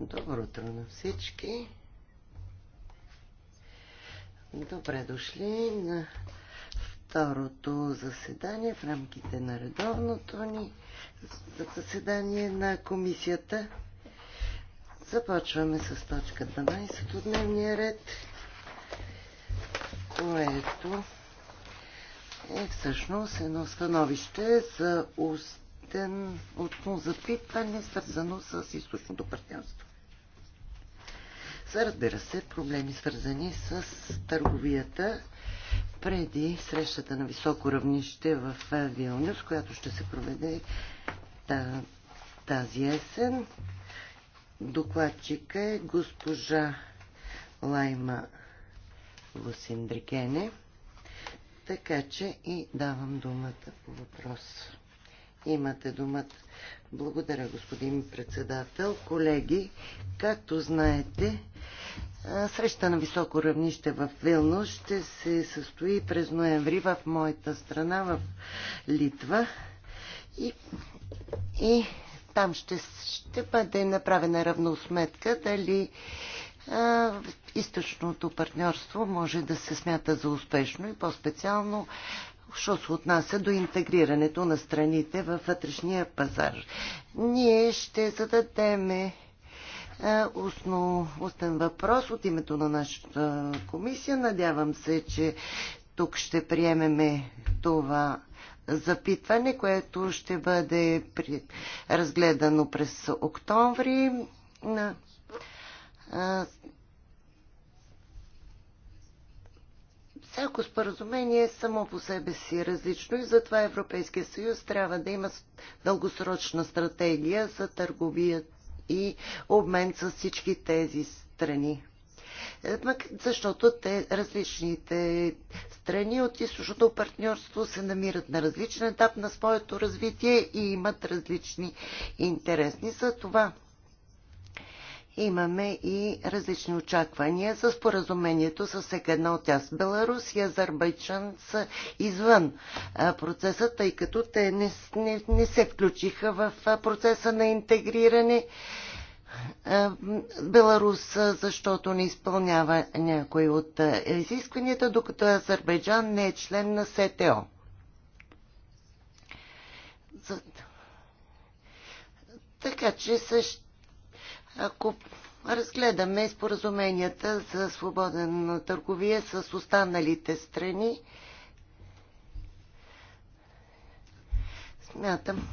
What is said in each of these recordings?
Добро утро на всички. Добре дошли на второто заседание в рамките на редовното ни заседание на комисията. Започваме с точка 12 от дневния ред, което е всъщност едно становище за уст ден относно запитване, свързано с източното партньорство. За разбира се, проблеми свързани с търговията преди срещата на високо равнище в Вилнюс, която ще се проведе тази есен. Докладчика е госпожа Лайма Лусиндрикене, така че и давам думата по въпроса. Имате думата. Благодаря, господин председател. Колеги, както знаете, среща на високо равнище в Вилно ще се състои през ноември в моята страна, в Литва. И, и там ще, ще бъде направена равносметка дали източното партньорство може да се смята за успешно и по-специално що се отнася до интегрирането на страните във вътрешния пазар. Ние ще зададеме устно, устен въпрос от името на нашата комисия. Надявам се, че тук ще приемеме това запитване, което ще бъде при... разгледано през октомври на Всяко споразумение е само по себе си е различно и затова Европейския съюз трябва да има дългосрочна стратегия за търговия и обмен с всички тези страни. Е, защото те, различните страни от източното партньорство се намират на различен етап на своето развитие и имат различни интересни. За това имаме и различни очаквания за споразумението с всеки една от тях. Беларус и Азербайджан са извън процеса, тъй като те не, не, не се включиха в процеса на интегриране. Беларус, защото не изпълнява някои от изискванията, докато Азербайджан не е член на СТО. Така че също ако разгледаме споразуменията за свободен търговия с останалите страни, смятам,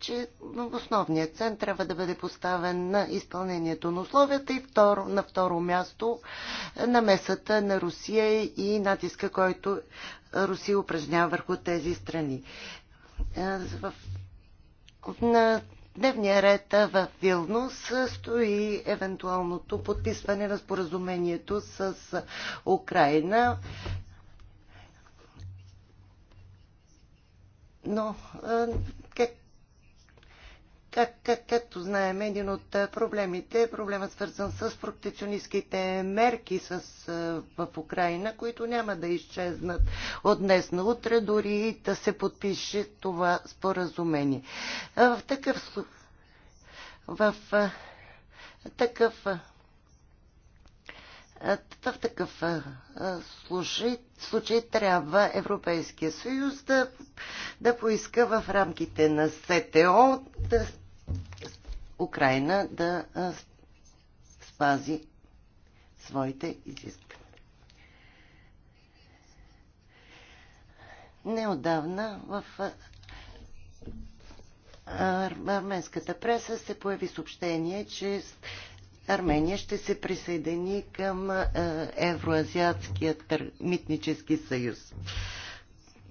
че основният цен трябва да бъде поставен на изпълнението на условията и второ, на второ място на месата на Русия и натиска, който Русия упражнява върху тези страни. Е, в, на дневния ред в Вилнус стои евентуалното подписване на споразумението с Украина. Но как, как, както знаем, един от проблемите е проблема свързан с протекционистските мерки с, в Украина, които няма да изчезнат от днес на утре, дори да се подпише това споразумение. В такъв в такъв в такъв случай, случай трябва Европейския съюз да, да поиска в рамките на СТО да Украина да спази своите изисквания. Неодавна в арменската преса се появи съобщение, че Армения ще се присъедини към Евроазиатския митнически съюз.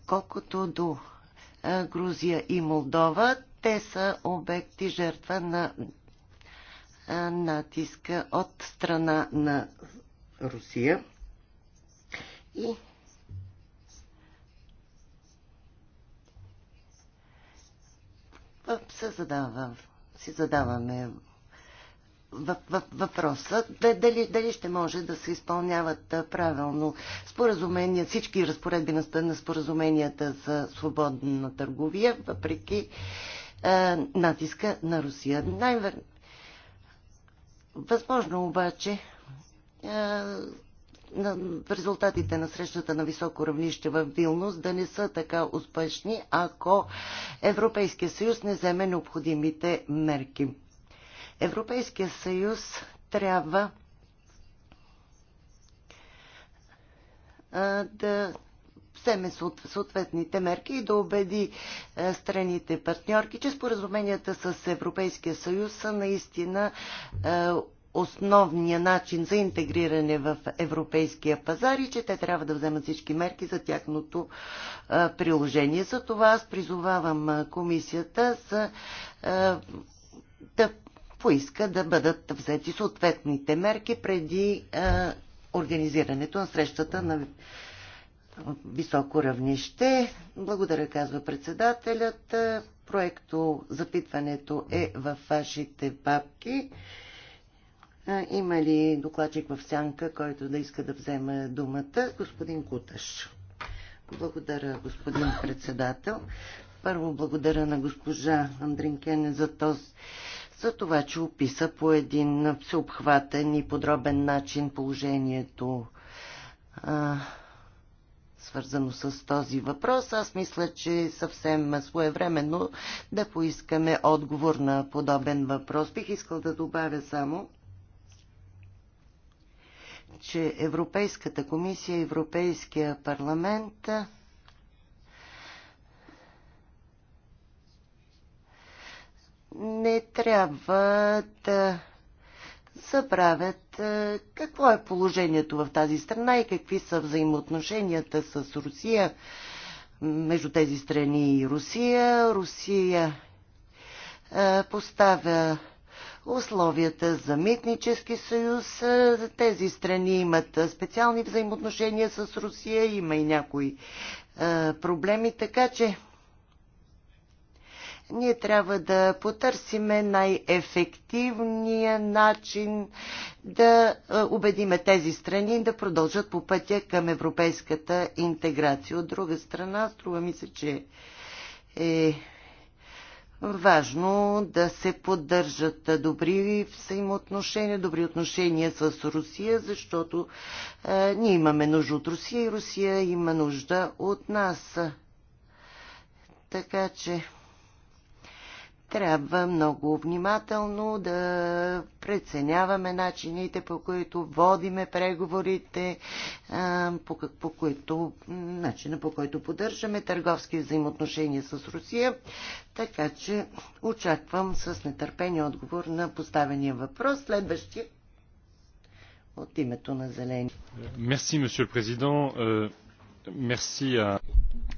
Колкото до Грузия и Молдова, те са обекти жертва на натиска от страна на Русия и се задава, си задаваме въпроса дали, дали ще може да се изпълняват правилно споразумения, всички разпоредби на споразуменията за свободна търговия, въпреки а, е, натиска на Русия. най Възможно обаче а, е, на резултатите на срещата на високо равнище в Вилнус да не са така успешни, ако Европейския съюз не вземе необходимите мерки. Европейския съюз трябва е, да вземе съответните мерки и да убеди е, страните партньорки, че споразуменията с Европейския съюз са наистина е, основния начин за интегриране в европейския пазар и че те трябва да вземат всички мерки за тяхното е, приложение. За това аз призовавам комисията за, да поиска да бъдат взети съответните мерки преди организирането на срещата на високо равнище. Благодаря, казва председателят. Проекто запитването е в вашите папки. Има ли докладчик в сянка, който да иска да вземе думата? Господин Куташ. Благодаря, господин председател. Първо благодаря на госпожа Андринкене за този за това, че описа по един всеобхватен и подробен начин положението а, свързано с този въпрос. Аз мисля, че съвсем своевременно да поискаме отговор на подобен въпрос. Бих искал да добавя само, че Европейската комисия, Европейския парламент не трябва да се правят, е, какво е положението в тази страна и какви са взаимоотношенията с Русия между тези страни и Русия. Русия е, поставя условията за митнически съюз. Е, тези страни имат специални взаимоотношения с Русия, има и някои проблеми, така че ние трябва да потърсиме най-ефективния начин да е, убедиме тези страни да продължат по пътя към европейската интеграция. От друга страна, струва ми се, че е важно да се поддържат добри взаимоотношения, добри отношения с Русия, защото е, ние имаме нужда от Русия и Русия има нужда от нас. Така че трябва много внимателно да преценяваме начините, по които водиме преговорите, по, по които, начина по който поддържаме търговски взаимоотношения с Русия. Така че очаквам с нетърпение отговор на поставения въпрос. Следващия от името на Зелени. Мерси, месье президент. Мерси.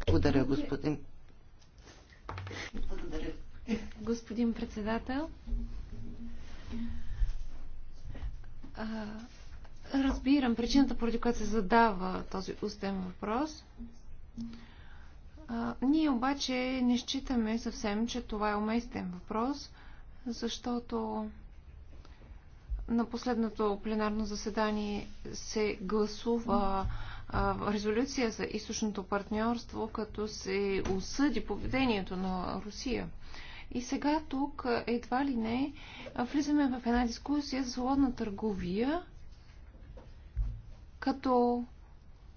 Благодаря, господин. Благодаря господин председател. разбирам причината, поради която се задава този устен въпрос. ние обаче не считаме съвсем, че това е уместен въпрос, защото на последното пленарно заседание се гласува резолюция за източното партньорство, като се осъди поведението на Русия. И сега тук, е, едва ли не, влизаме в една дискусия за свободна търговия, като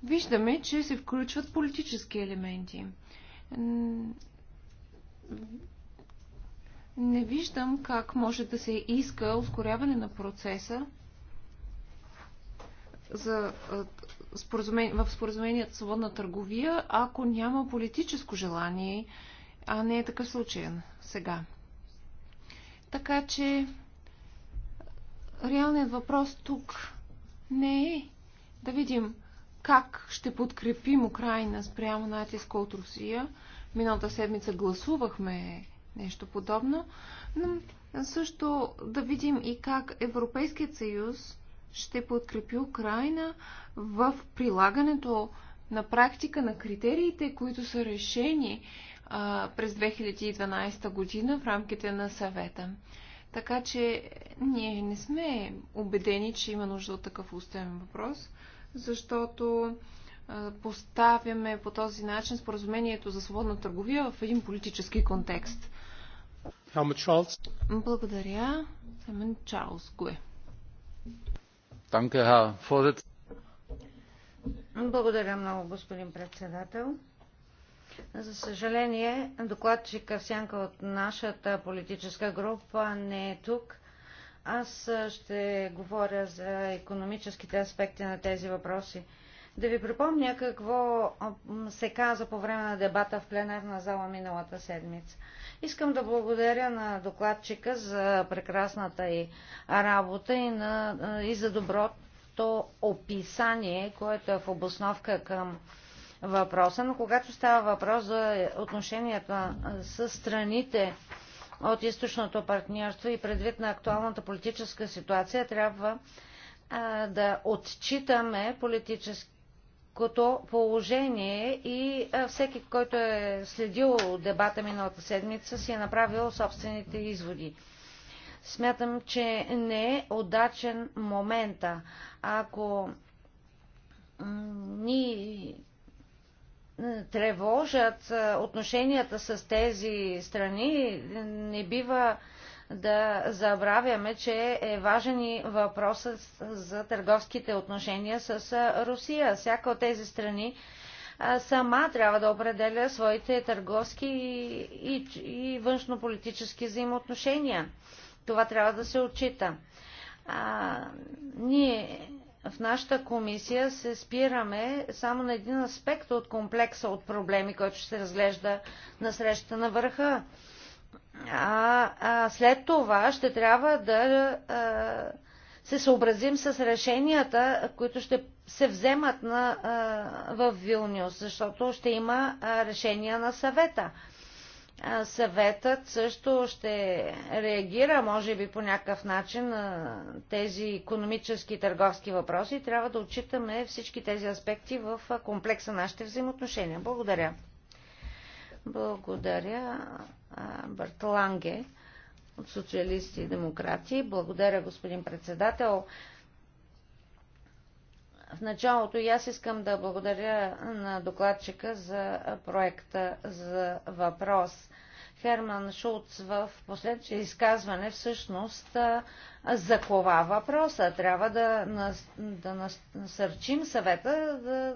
виждаме, че се включват политически елементи. Не виждам как може да се иска ускоряване на процеса за споразумен... в споразумението свободна търговия, ако няма политическо желание а не е такъв случай сега. Така че реалният въпрос тук не е да видим как ще подкрепим Украина спрямо натиска от Русия. Миналата седмица гласувахме нещо подобно, но също да видим и как Европейският съюз ще подкрепи Украина в прилагането на практика на критериите, които са решени през 2012 година в рамките на съвета. Така че ние не сме убедени, че има нужда от такъв устен въпрос, защото поставяме по този начин споразумението за свободна търговия в един политически контекст. Благодаря. Семен Чарлз Гуе. Благодаря много, господин председател. За съжаление, докладчика Сянка от нашата политическа група не е тук. Аз ще говоря за економическите аспекти на тези въпроси. Да ви припомня какво се каза по време на дебата в пленарна зала миналата седмица. Искам да благодаря на докладчика за прекрасната и работа и, на, и за доброто описание, което е в обосновка към въпроса, но когато става въпрос за отношенията с страните от източното партньорство и предвид на актуалната политическа ситуация, трябва а, да отчитаме политическото положение и а, всеки, който е следил дебата миналата седмица, си е направил собствените изводи. Смятам, че не е удачен момента. Ако ни тревожат отношенията с тези страни, не бива да забравяме, че е важен и въпросът за търговските отношения с Русия. Всяка от тези страни сама трябва да определя своите търговски и, външнополитически взаимоотношения. Това трябва да се отчита. А, ние в нашата комисия се спираме само на един аспект от комплекса от проблеми, който ще се разглежда на срещата на върха. А, а след това ще трябва да а, се съобразим с решенията, които ще се вземат на, а, в Вилнюс, защото ще има а, решения на съвета. А, съветът също ще реагира, може би по някакъв начин, на тези економически и търговски въпроси. Трябва да отчитаме всички тези аспекти в комплекса на нашите взаимоотношения. Благодаря. Благодаря, Бартоланге от Социалисти и Демократи. Благодаря, господин председател. В началото и аз искам да благодаря на докладчика за проекта за въпрос. Херман Шулц в последното изказване всъщност заклова въпроса. Трябва да, нас, да насърчим съвета за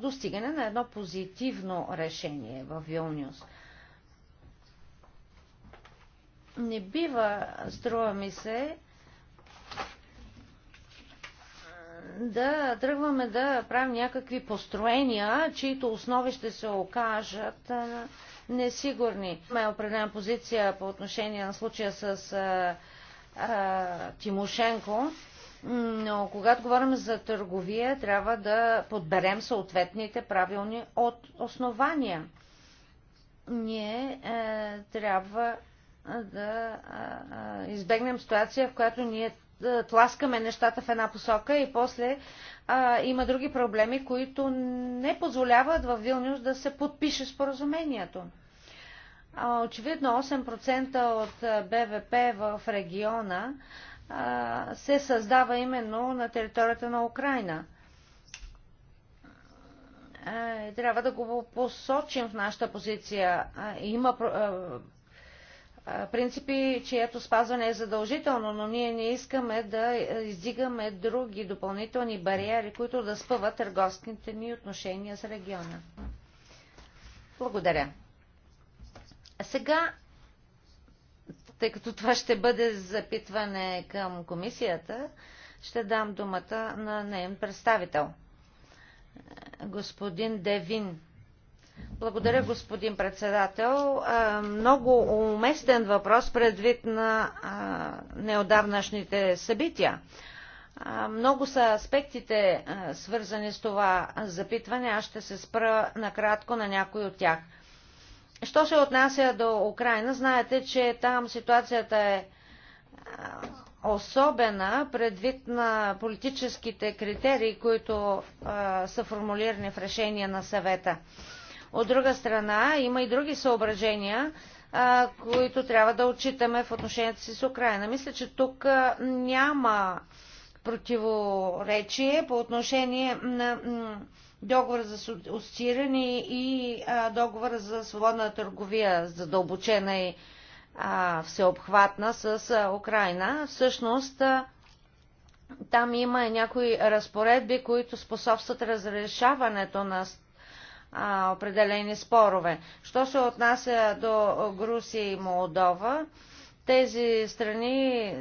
достигане на едно позитивно решение в Вилнюс. Не бива, струва ми се, да тръгваме да правим някакви построения, чието основи ще се окажат несигурни. Имаме определена позиция по отношение на случая с а, а, Тимошенко, но когато говорим за търговия, трябва да подберем съответните правилни от основания. Ние е, трябва да е, избегнем ситуация, в която ние тласкаме нещата в една посока и после а, има други проблеми, които не позволяват в Вилнюс да се подпише споразумението. А, очевидно 8% от БВП в региона а, се създава именно на територията на Украина. А, е, трябва да го посочим в нашата позиция. А, има принципи, чието спазване е задължително, но ние не искаме да издигаме други допълнителни бариери, които да спъват търговските ни отношения с региона. Благодаря. А сега, тъй като това ще бъде запитване към комисията, ще дам думата на нейн представител. Господин Девин благодаря, господин председател. Много уместен въпрос предвид на неодавнашните събития. Много са аспектите, свързани с това запитване. Аз ще се спра накратко на някой от тях. Що се отнася до Украина, знаете, че там ситуацията е особена предвид на политическите критерии, които са формулирани в решение на съвета. От друга страна, има и други съображения, а, които трябва да отчитаме в отношенията си с Украина. Мисля, че тук а, няма противоречие по отношение на договора за асоцииране и а, договора за свободна търговия, задълбочена и а, всеобхватна с а, Украина. Всъщност, а, там има някои разпоредби, които способстват разрешаването на а, определени спорове. Що се отнася до Грусия и Молдова, тези страни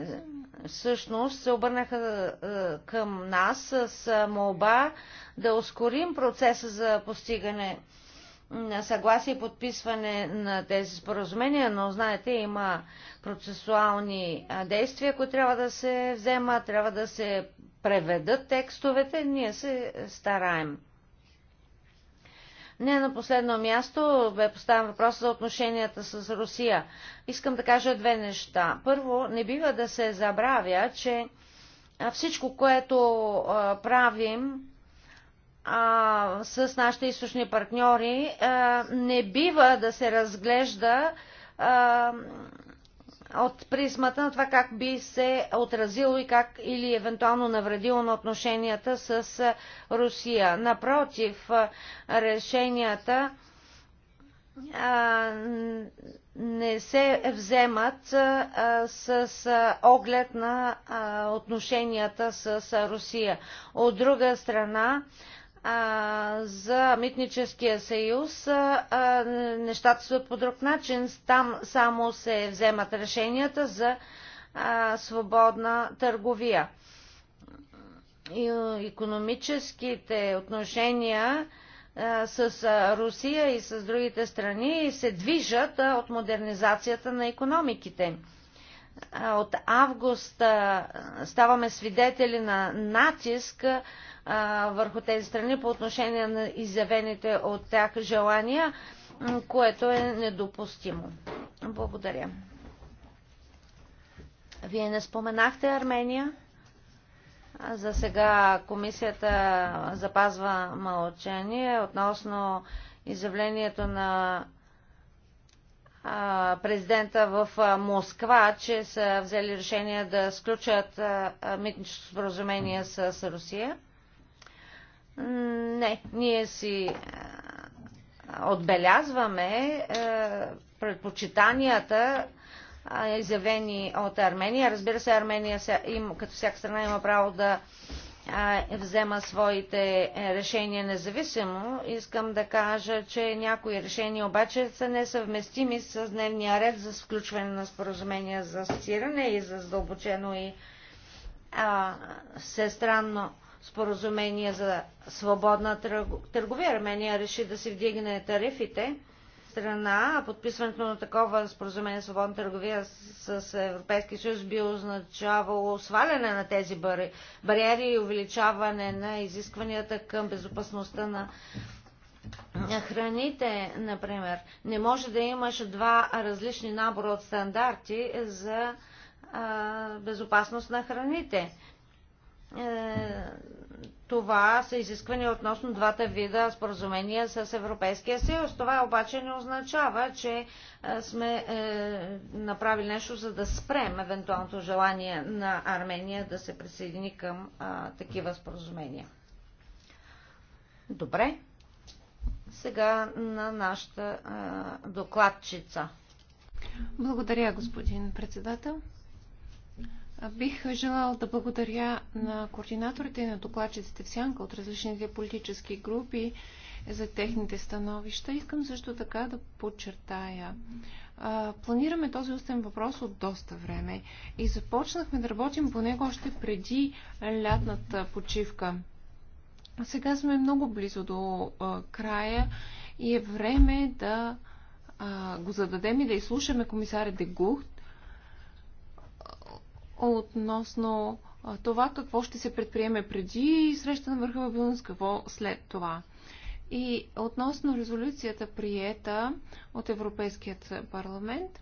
всъщност се обърнаха към нас с молба да ускорим процеса за постигане на съгласие и подписване на тези споразумения, но знаете, има процесуални действия, които трябва да се вземат, трябва да се преведат текстовете. Ние се стараем. Не на последно място бе поставен въпрос за отношенията с Русия. Искам да кажа две неща. Първо, не бива да се забравя, че всичко, което правим а, с нашите източни партньори, а, не бива да се разглежда а, от призмата на това как би се отразило и как или евентуално навредило на отношенията с Русия. Напротив, решенията не се вземат с оглед на отношенията с Русия. От друга страна, а, за митническия съюз а, а, нещата са по друг начин. Там само се вземат решенията за а, свободна търговия. И, економическите отношения а, с Русия и с другите страни се движат а, от модернизацията на економиките. От август ставаме свидетели на натиск върху тези страни по отношение на изявените от тях желания, което е недопустимо. Благодаря. Вие не споменахте Армения. За сега комисията запазва мълчание относно изявлението на президента в Москва, че са взели решение да сключат митническо споразумение с Русия. Не, ние си отбелязваме предпочитанията, изявени от Армения. Разбира се, Армения като всяка страна има право да взема своите е, решения независимо. Искам да кажа, че някои решения обаче са несъвместими с дневния ред за включване на споразумения за асоцииране и за задълбочено и а, всестранно споразумение за свободна търговия. Армения реши да се вдигне тарифите страна, подписването на такова споразумение свободна търговия с Европейския съюз би означавало сваляне на тези бари, бариери и увеличаване на изискванията към безопасността на храните, например. Не може да имаш два различни набора от стандарти за а, безопасност на храните е, това са изисквания относно двата вида споразумения с Европейския съюз. Това обаче не означава, че е, сме е, направили нещо, за да спрем евентуалното желание на Армения да се присъедини към е, такива споразумения. Добре. Сега на нашата е, докладчица. Благодаря, господин председател. Бих желал да благодаря на координаторите и на докладчиците в сянка от различните политически групи за техните становища. Искам също така да подчертая. Планираме този устен въпрос от доста време и започнахме да работим по него още преди лятната почивка. Сега сме много близо до края и е време да го зададем и да изслушаме комисаря Дегухт относно това какво ще се предприеме преди среща на върха в Вилнюс, какво след това. И относно резолюцията приета от Европейският парламент,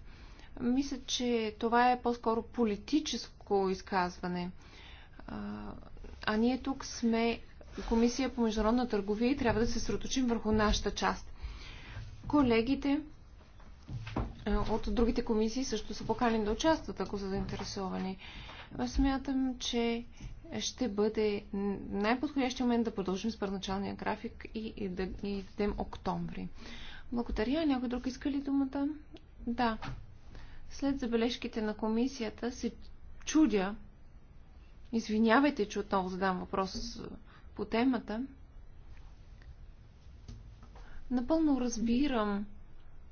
мисля, че това е по-скоро политическо изказване. А ние тук сме Комисия по международна търговия и трябва да се сроточим върху нашата част. Колегите е, от другите комисии също са поканени да участват, ако са заинтересовани. Смятам, че ще бъде най-подходящия момент да продължим с първоначалния график и, и да ги дадем октомври. Благодаря. Някой друг иска ли думата? Да. След забележките на комисията се чудя. Извинявайте, че отново задам въпрос по темата. Напълно разбирам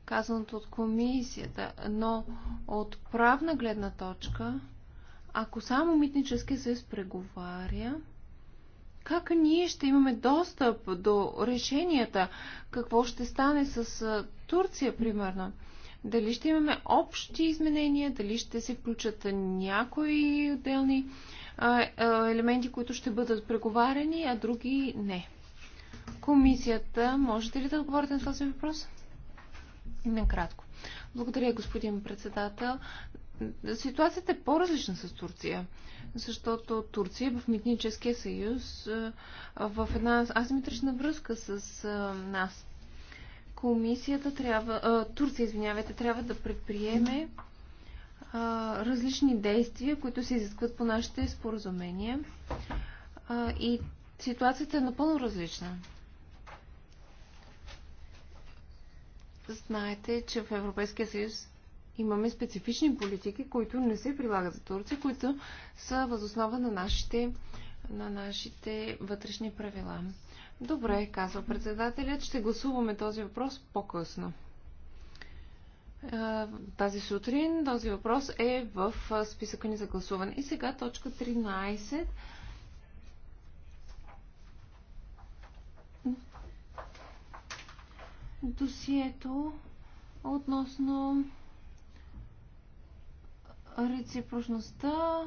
казаното от комисията, но от правна гледна точка, ако само Митническия съюз преговаря, как ние ще имаме достъп до решенията? Какво ще стане с Турция, примерно? Дали ще имаме общи изменения, дали ще се включат някои отделни елементи, които ще бъдат преговарени, а други не? Комисията, можете ли да отговорите на този въпрос? Накратко. Благодаря, господин председател. Ситуацията е по-различна с Турция, защото Турция е в Митническия съюз в една асиметрична връзка с нас. Комисията трябва, Турция, извинявайте, трябва да предприеме различни действия, които се изискват по нашите споразумения. и ситуацията е напълно различна. Знаете, че в Европейския съюз имаме специфични политики, които не се прилагат за Турция, които са възоснова на нашите, на нашите вътрешни правила. Добре, казва председателят, ще гласуваме този въпрос по-късно. Тази сутрин този въпрос е в списъка ни за гласуване. И сега точка 13 досието относно реципрочността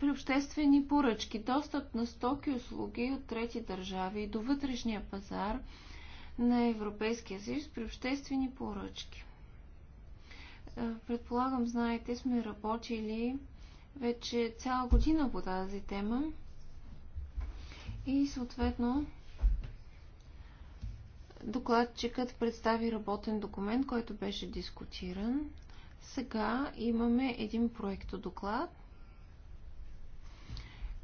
при обществени поръчки, достъп на стоки и услуги от трети държави до вътрешния пазар на Европейския съюз при обществени поръчки. Предполагам, знаете, сме работили вече цяла година по тази тема и съответно Докладчикът представи работен документ, който беше дискутиран. Сега имаме един проект доклад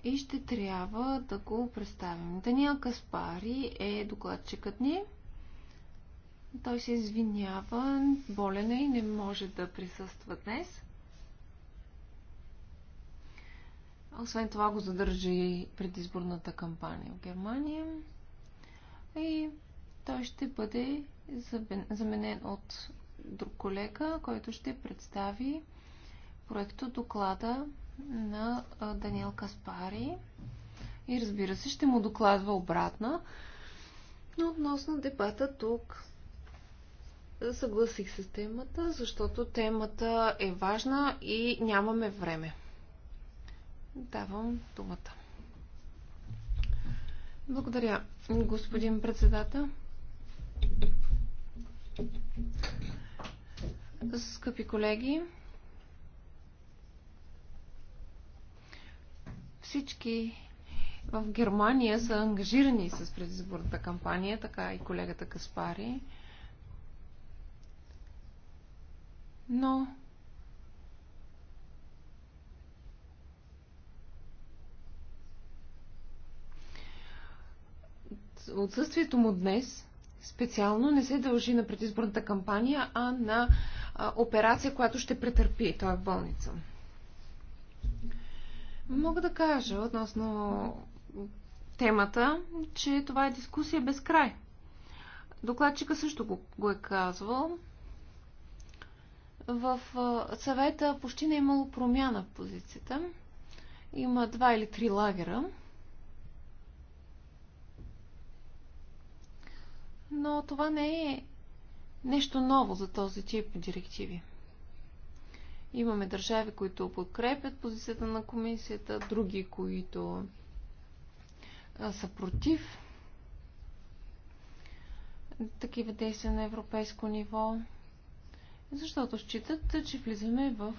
и ще трябва да го представим. Даниел Каспари е докладчикът ни. Той се извинява, болен е и не може да присъства днес. Освен това го задържа и предизборната кампания в Германия. И той ще бъде заменен от друг колега, който ще представи проекто доклада на Даниел Каспари и разбира се ще му докладва обратно. Но относно дебата тук съгласих се с темата, защото темата е важна и нямаме време. Давам думата. Благодаря, господин председател. Скъпи колеги, всички в Германия са ангажирани с предизборната кампания, така и колегата Каспари. Но отсъствието му днес специално не се дължи на предизборната кампания, а на операция, която ще претърпи. Той в болница. Мога да кажа относно темата, че това е дискусия без край. Докладчика също го, го е казвал. В съвета почти не е имало промяна в позицията. Има два или три лагера. но това не е нещо ново за този тип директиви. Имаме държави, които подкрепят позицията на комисията, други, които са против такива действия на европейско ниво, защото считат, че влизаме в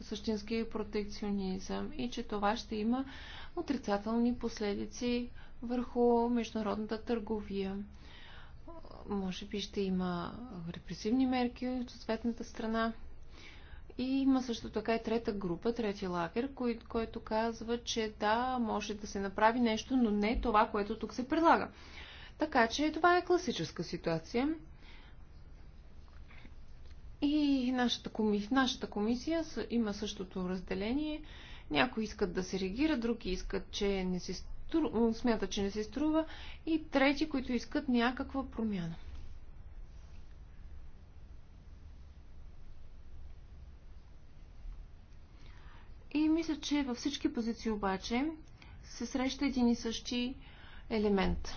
същински протекционизъм и че това ще има отрицателни последици върху международната търговия може би ще има репресивни мерки от съответната страна. И има също така и трета група, трети лагер, кой, който казва, че да, може да се направи нещо, но не това, което тук се предлага. Така че това е класическа ситуация. И нашата, коми... нашата комисия има същото разделение. Някои искат да се реагира, други искат, че не си смята, че не се струва, и трети, които искат някаква промяна. И мисля, че във всички позиции обаче се среща един и същи елемент.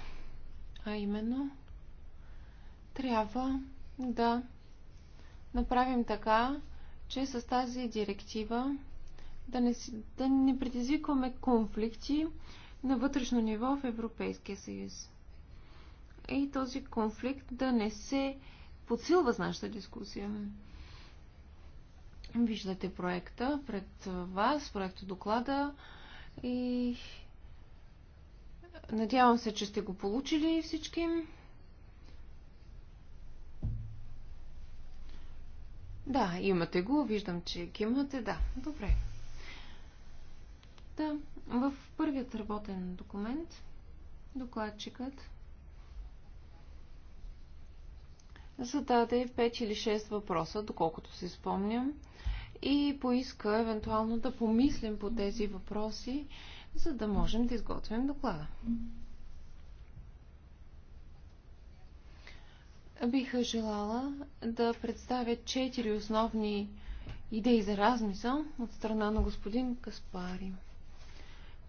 А именно, трябва да направим така, че с тази директива да не, да не предизвикваме конфликти на вътрешно ниво в Европейския съюз. И този конфликт да не се подсилва с нашата дискусия. Виждате проекта пред вас, проекта доклада и надявам се, че сте го получили всички. Да, имате го, виждам, че кимате, да, добре. Да, в първият работен документ докладчикът зададе 5 или 6 въпроса, доколкото се спомням, и поиска евентуално да помислим по тези въпроси, за да можем да изготвим доклада. Биха желала да представя 4 основни идеи за размисъл от страна на господин Каспари.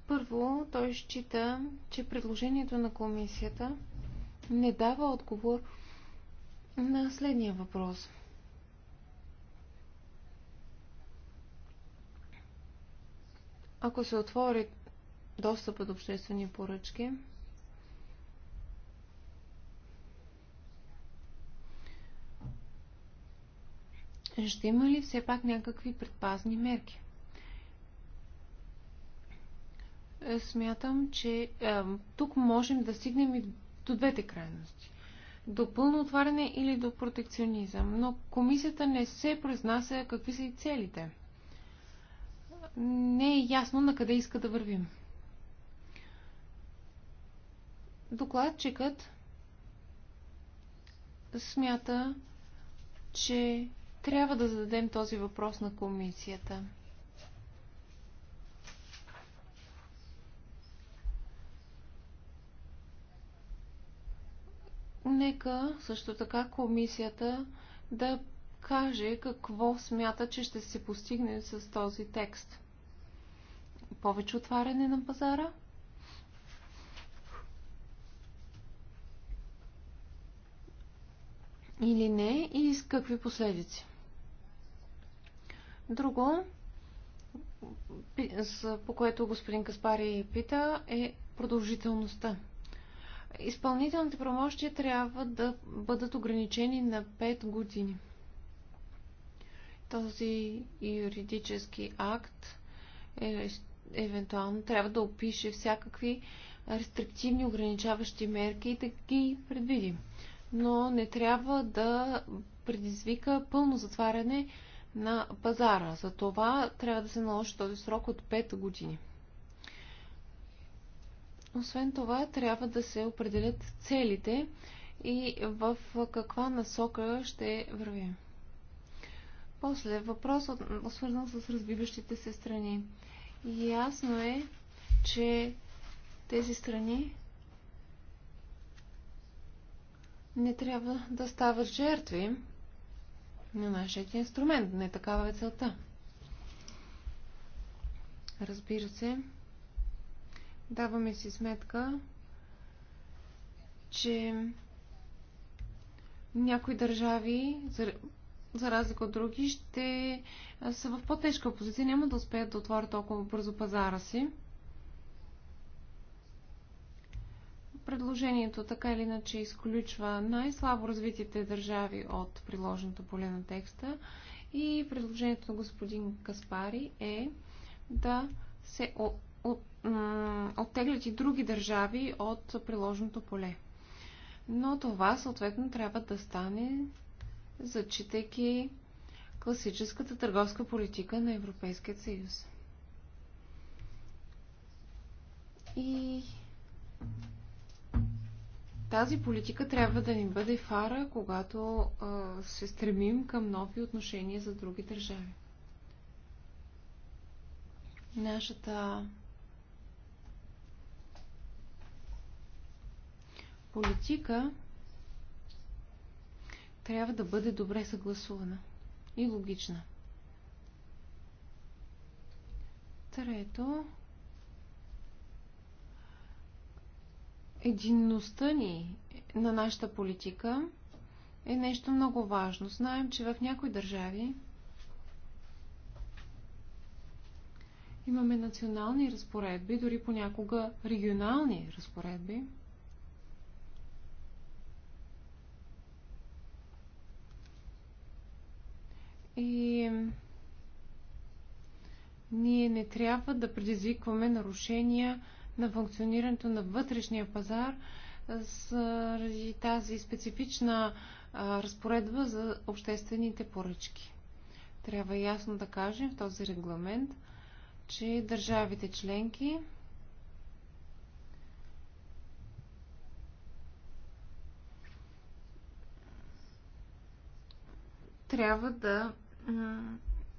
Първо, той счита, че предложението на комисията не дава отговор на следния въпрос. Ако се отвори достъпа до обществени поръчки, ще има ли все пак някакви предпазни мерки? Е, смятам, че е, тук можем да стигнем и до двете крайности. До пълно отваряне или до протекционизъм. Но комисията не се произнася какви са и целите. Не е ясно на къде иска да вървим. Докладчикът смята, че трябва да зададем този въпрос на комисията. Нека също така комисията да каже какво смята, че ще се постигне с този текст. Повече отваряне на пазара? Или не? И с какви последици? Друго, по което господин Каспари пита, е продължителността изпълнителните правомощия трябва да бъдат ограничени на 5 години. Този юридически акт е, евентуално трябва да опише всякакви рестриктивни ограничаващи мерки и да ги предвиди. Но не трябва да предизвика пълно затваряне на пазара. За това трябва да се наложи този срок от 5 години. Освен това, трябва да се определят целите и в каква насока ще вървим. После въпрос, свързан с разбиващите се страни. Ясно е, че тези страни не трябва да стават жертви на нашия инструмент. Не такава е целта. Разбира се, Даваме си сметка, че някои държави, за, за разлика от други, ще са в по-тежка позиция, няма да успеят да отворят толкова бързо пазара си. Предложението така или иначе изключва най-слабо развитите държави от приложеното поле на текста и предложението на господин Каспари е да се от, оттеглят и други държави от приложното поле. Но това съответно трябва да стане, зачитайки класическата търговска политика на Европейския съюз. И тази политика трябва да ни бъде фара, когато а, се стремим към нови отношения за други държави. Нашата политика трябва да бъде добре съгласувана и логична. Трето, единността ни на нашата политика е нещо много важно. Знаем, че в някои държави имаме национални разпоредби, дори понякога регионални разпоредби – И ние не трябва да предизвикваме нарушения на функционирането на вътрешния пазар заради тази специфична разпоредба за обществените поръчки. Трябва ясно да кажем в този регламент, че държавите членки трябва да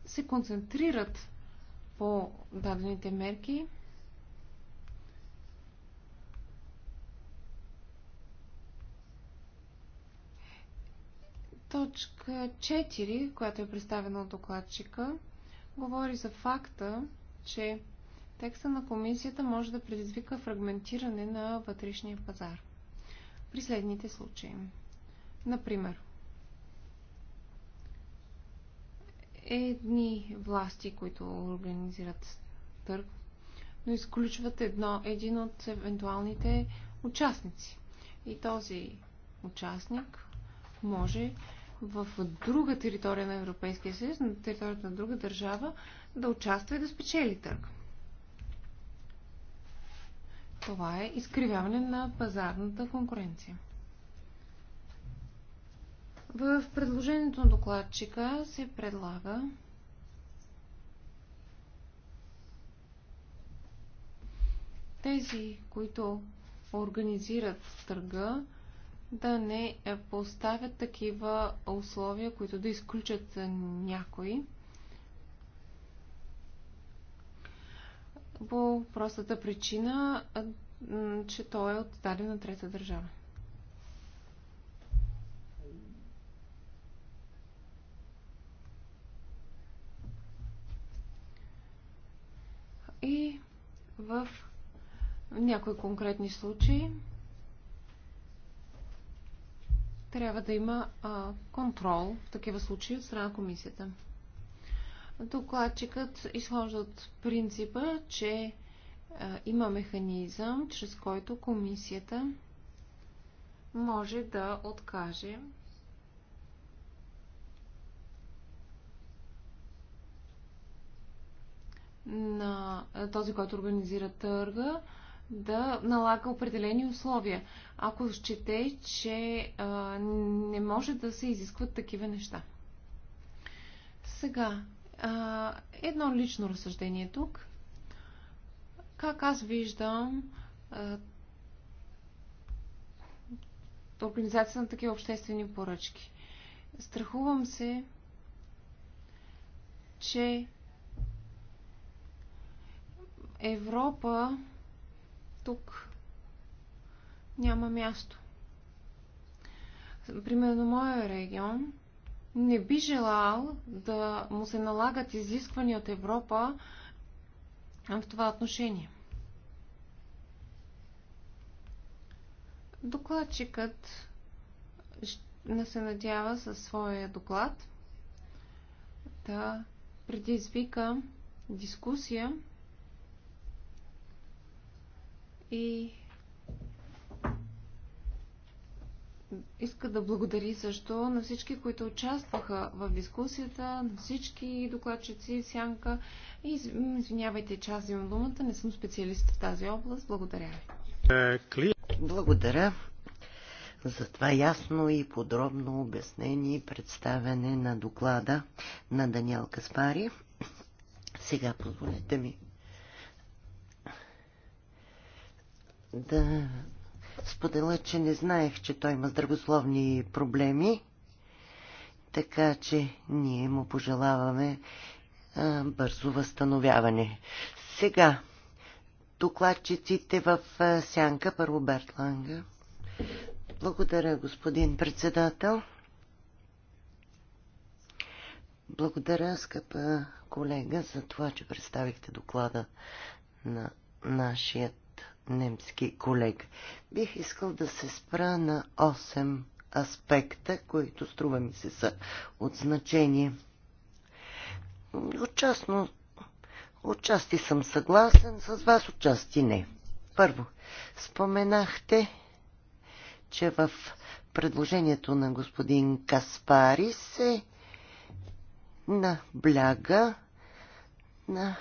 се концентрират по дадените мерки. Точка 4, която е представена от докладчика, говори за факта, че текста на комисията може да предизвика фрагментиране на вътрешния пазар. При следните случаи. Например, едни власти, които организират търг, но изключват едно, един от евентуалните участници. И този участник може в друга територия на Европейския съюз, на територията на друга държава, да участва и да спечели търг. Това е изкривяване на пазарната конкуренция. В предложението на докладчика се предлага тези, които организират търга, да не поставят такива условия, които да изключат някои. По простата причина, че той е от дадена трета държава. и в някои конкретни случаи трябва да има а, контрол в такива случаи от страна комисията. Докладчикът изхожда от принципа, че а, има механизъм, чрез който комисията може да откаже на е, този, който организира търга, да налага определени условия. Ако счете, че а, не може да се изискват такива неща. Сега, а, едно лично разсъждение тук. Как аз виждам а, организацията на такива обществени поръчки? Страхувам се, че Европа тук няма място. Примерно, моя регион не би желал да му се налагат изисквания от Европа в това отношение. Докладчикът не се надява със своя доклад да предизвика дискусия и иска да благодари също на всички, които участваха в дискусията, на всички докладчици, сянка. И извинявайте, че аз имам думата, не съм специалист в тази област. Благодаря ви. Благодаря за това ясно и подробно обяснение и представяне на доклада на Даниел Каспари. Сега позволете ми да споделя, че не знаех, че той има здравословни проблеми, така че ние му пожелаваме а, бързо възстановяване. Сега, докладчиците в сянка, първо Берт Ланга. Благодаря, господин председател. Благодаря, скъпа колега, за това, че представихте доклада на нашият немски колега. Бих искал да се спра на 8 аспекта, които струва ми се са от значение. Отчастно, отчасти съм съгласен с вас, отчасти не. Първо, споменахте, че в предложението на господин Каспари се набляга на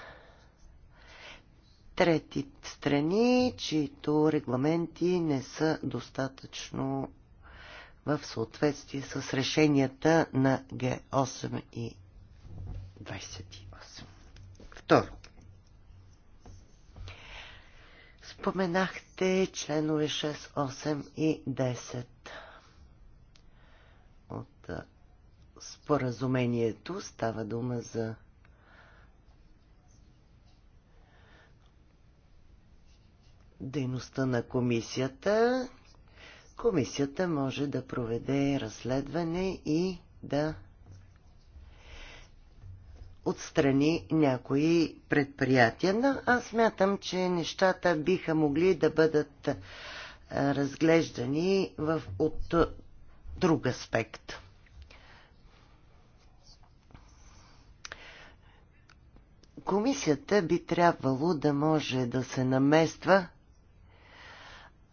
трети страни, чието регламенти не са достатъчно в съответствие с решенията на Г8 и 28. Второ. Споменахте членове 6, 8 и 10 от споразумението. Става дума за дейността на комисията, комисията може да проведе разследване и да отстрани някои предприятия. Но аз смятам, че нещата биха могли да бъдат разглеждани в, от друг аспект. Комисията би трябвало да може да се намества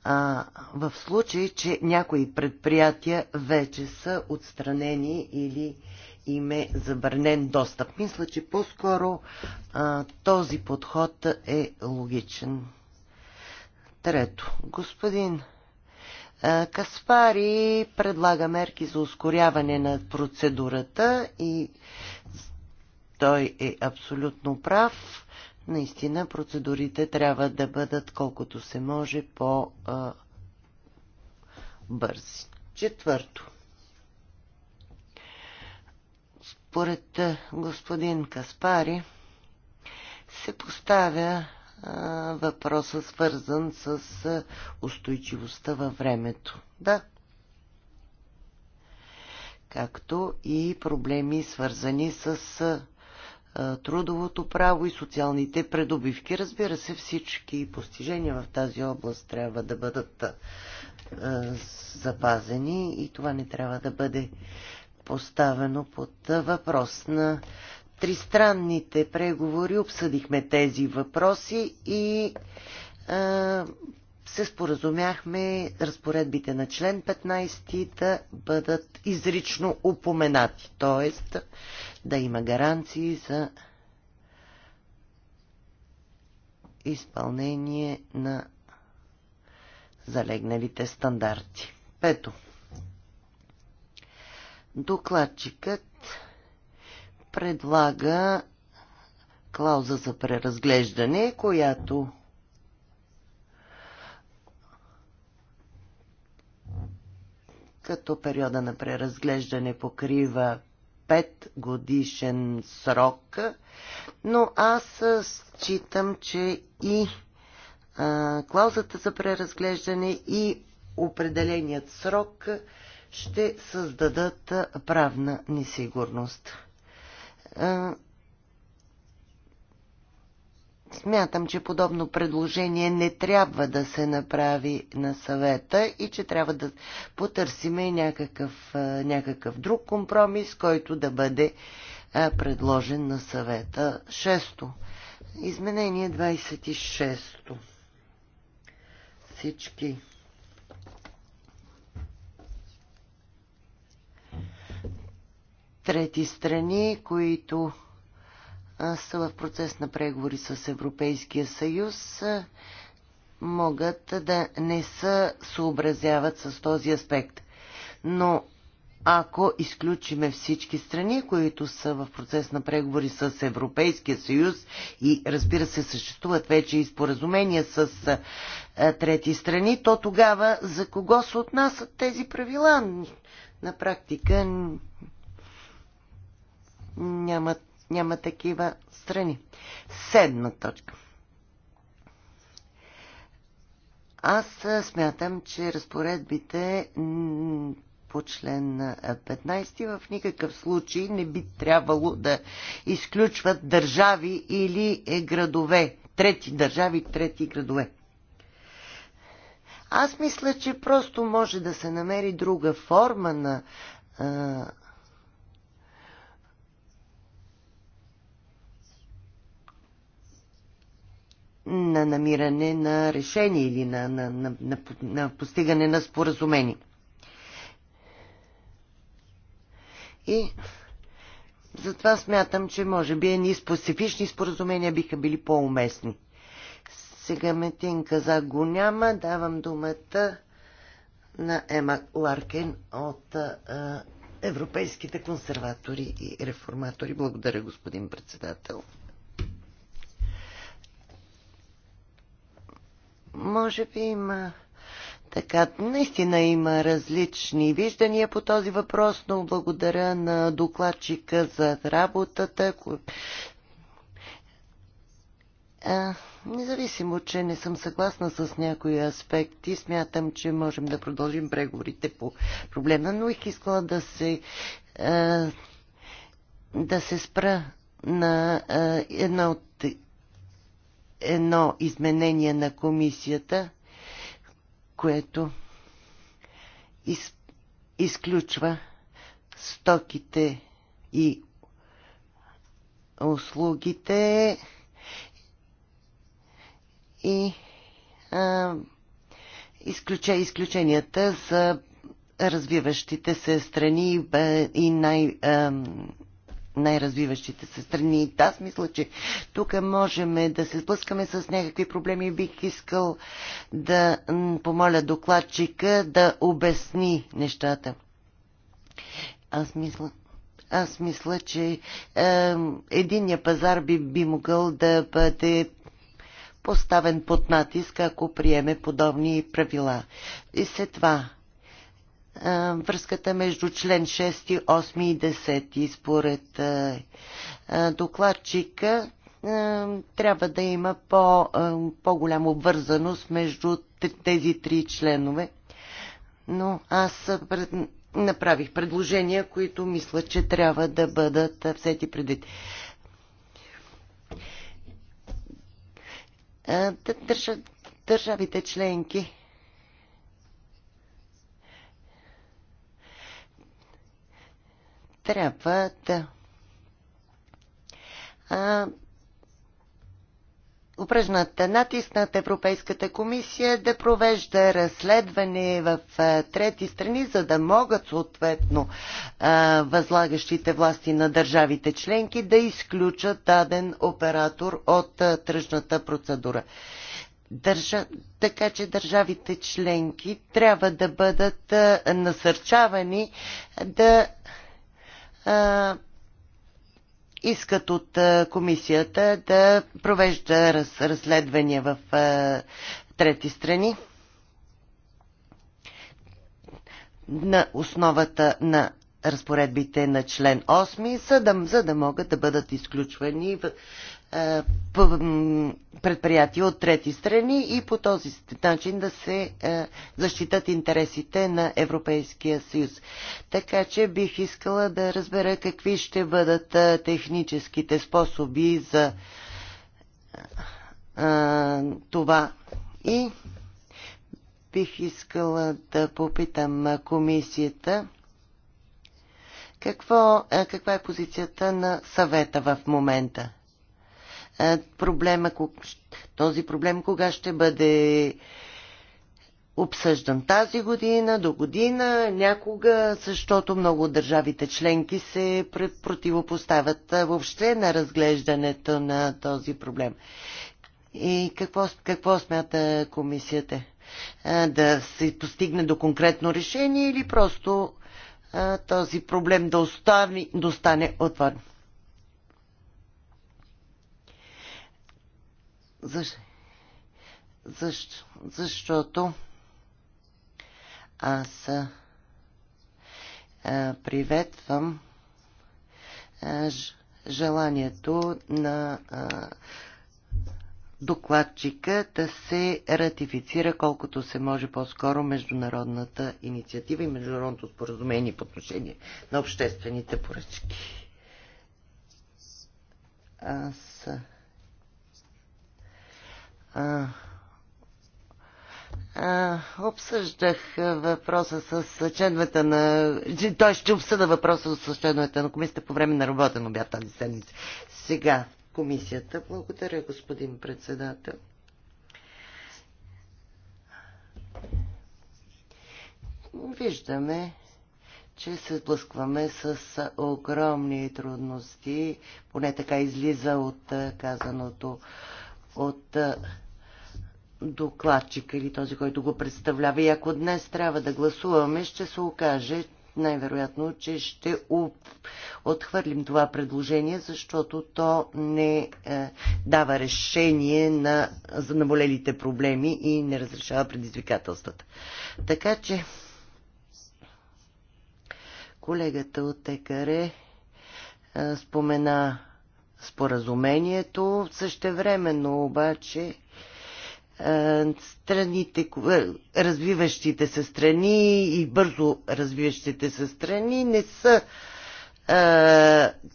а, в случай, че някои предприятия вече са отстранени или им е забранен достъп. Мисля, че по-скоро този подход е логичен. Трето, господин а, Каспари предлага мерки за ускоряване на процедурата и той е абсолютно прав наистина процедурите трябва да бъдат колкото се може по-бързи. Четвърто. Според господин Каспари се поставя въпроса свързан с устойчивостта във времето. Да. Както и проблеми свързани с трудовото право и социалните предобивки. Разбира се, всички постижения в тази област трябва да бъдат запазени и това не трябва да бъде поставено под въпрос. На тристранните преговори обсъдихме тези въпроси и се споразумяхме разпоредбите на член 15 да бъдат изрично упоменати, т.е. да има гаранции за изпълнение на залегналите стандарти. Пето. Докладчикът предлага клауза за преразглеждане, която като периода на преразглеждане покрива 5 годишен срок, но аз считам, че и а, клаузата за преразглеждане и определеният срок ще създадат правна несигурност. Смятам, че подобно предложение не трябва да се направи на съвета и че трябва да потърсиме някакъв, някакъв друг компромис, който да бъде предложен на съвета. Шесто. Изменение 26. то Всички. Трети страни, които са в процес на преговори с Европейския съюз, могат да не се съобразяват с този аспект. Но ако изключиме всички страни, които са в процес на преговори с Европейския съюз и разбира се съществуват вече и споразумения с трети страни, то тогава за кого се отнасят тези правила? На практика нямат няма такива страни. Седма точка. Аз смятам, че разпоредбите по член 15 в никакъв случай не би трябвало да изключват държави или е, градове, трети държави, трети градове. Аз мисля, че просто може да се намери друга форма на на намиране на решение или на, на, на, на, на постигане на споразумение. И затова смятам, че може би едни специфични споразумения биха били по-уместни. Сега Метин каза го няма. Давам думата на Ема Ларкен от а, Европейските консерватори и реформатори. Благодаря, господин председател. може би има така, наистина има различни виждания по този въпрос, но благодаря на докладчика за работата. А, независимо, че не съм съгласна с някои аспекти, смятам, че можем да продължим преговорите по проблема, но их искала да се, а, да се спра на а, една от едно изменение на комисията, което из, изключва стоките и услугите и а, изключа изключенията за развиващите се страни и най- най-развиващите се страни. И аз мисля, че тук можем да се сблъскаме с някакви проблеми. Бих искал да помоля докладчика да обясни нещата. Аз мисля, аз мисля, че е, единния пазар би, би могъл да бъде поставен под натиск, ако приеме подобни правила. И след това връзката между член 6, 8 и 10. Според докладчика трябва да има по, по-голяма обвързаност между тези три членове. Но аз пред... направих предложения, които мисля, че трябва да бъдат всети предвид. Държа... Държавите членки трябва да а, упражнат натиск над Европейската комисия да провежда разследване в трети страни, за да могат съответно възлагащите власти на държавите членки да изключат даден оператор от тръжната процедура. Държа... Така че държавите членки трябва да бъдат насърчавани да искат от комисията да провежда раз, разследвания в а, трети страни на основата на разпоредбите на член 8, за да, за да могат да бъдат изключвани в, е, предприятия от трети страни и по този начин да се е, защитат интересите на Европейския съюз. Така че бих искала да разбера какви ще бъдат е, техническите способи за това и бих искала да попитам комисията какво, каква е позицията на съвета в момента. Е, проблема, този проблем кога ще бъде обсъждан тази година, до година, някога, защото много държавите членки се противопоставят въобще на разглеждането на този проблем. И какво, какво смята комисията? Да се постигне до конкретно решение или просто този проблем да, остане, да остане отворен? Защо? Защо? Защото аз а, приветвам а, ж, желанието на а, докладчика да се ратифицира колкото се може по-скоро международната инициатива и международното споразумение по отношение на обществените поръчки. Аз а, а, обсъждах въпроса с членовете на... Той ще обсъда въпроса с членовете на комисията по време на работен обяд тази седмица. Сега комисията. Благодаря, господин председател. Виждаме, че се сблъскваме с огромни трудности, поне така излиза от казаното от докладчика или този, който го представлява. И ако днес трябва да гласуваме, ще се окаже най-вероятно, че ще отхвърлим това предложение, защото то не е, дава решение на, за наболелите проблеми и не разрешава предизвикателствата. Така че колегата от ТКР е, спомена споразумението. Същевременно обаче е, страните, е, развиващите се страни и бързо развиващите се страни не са е,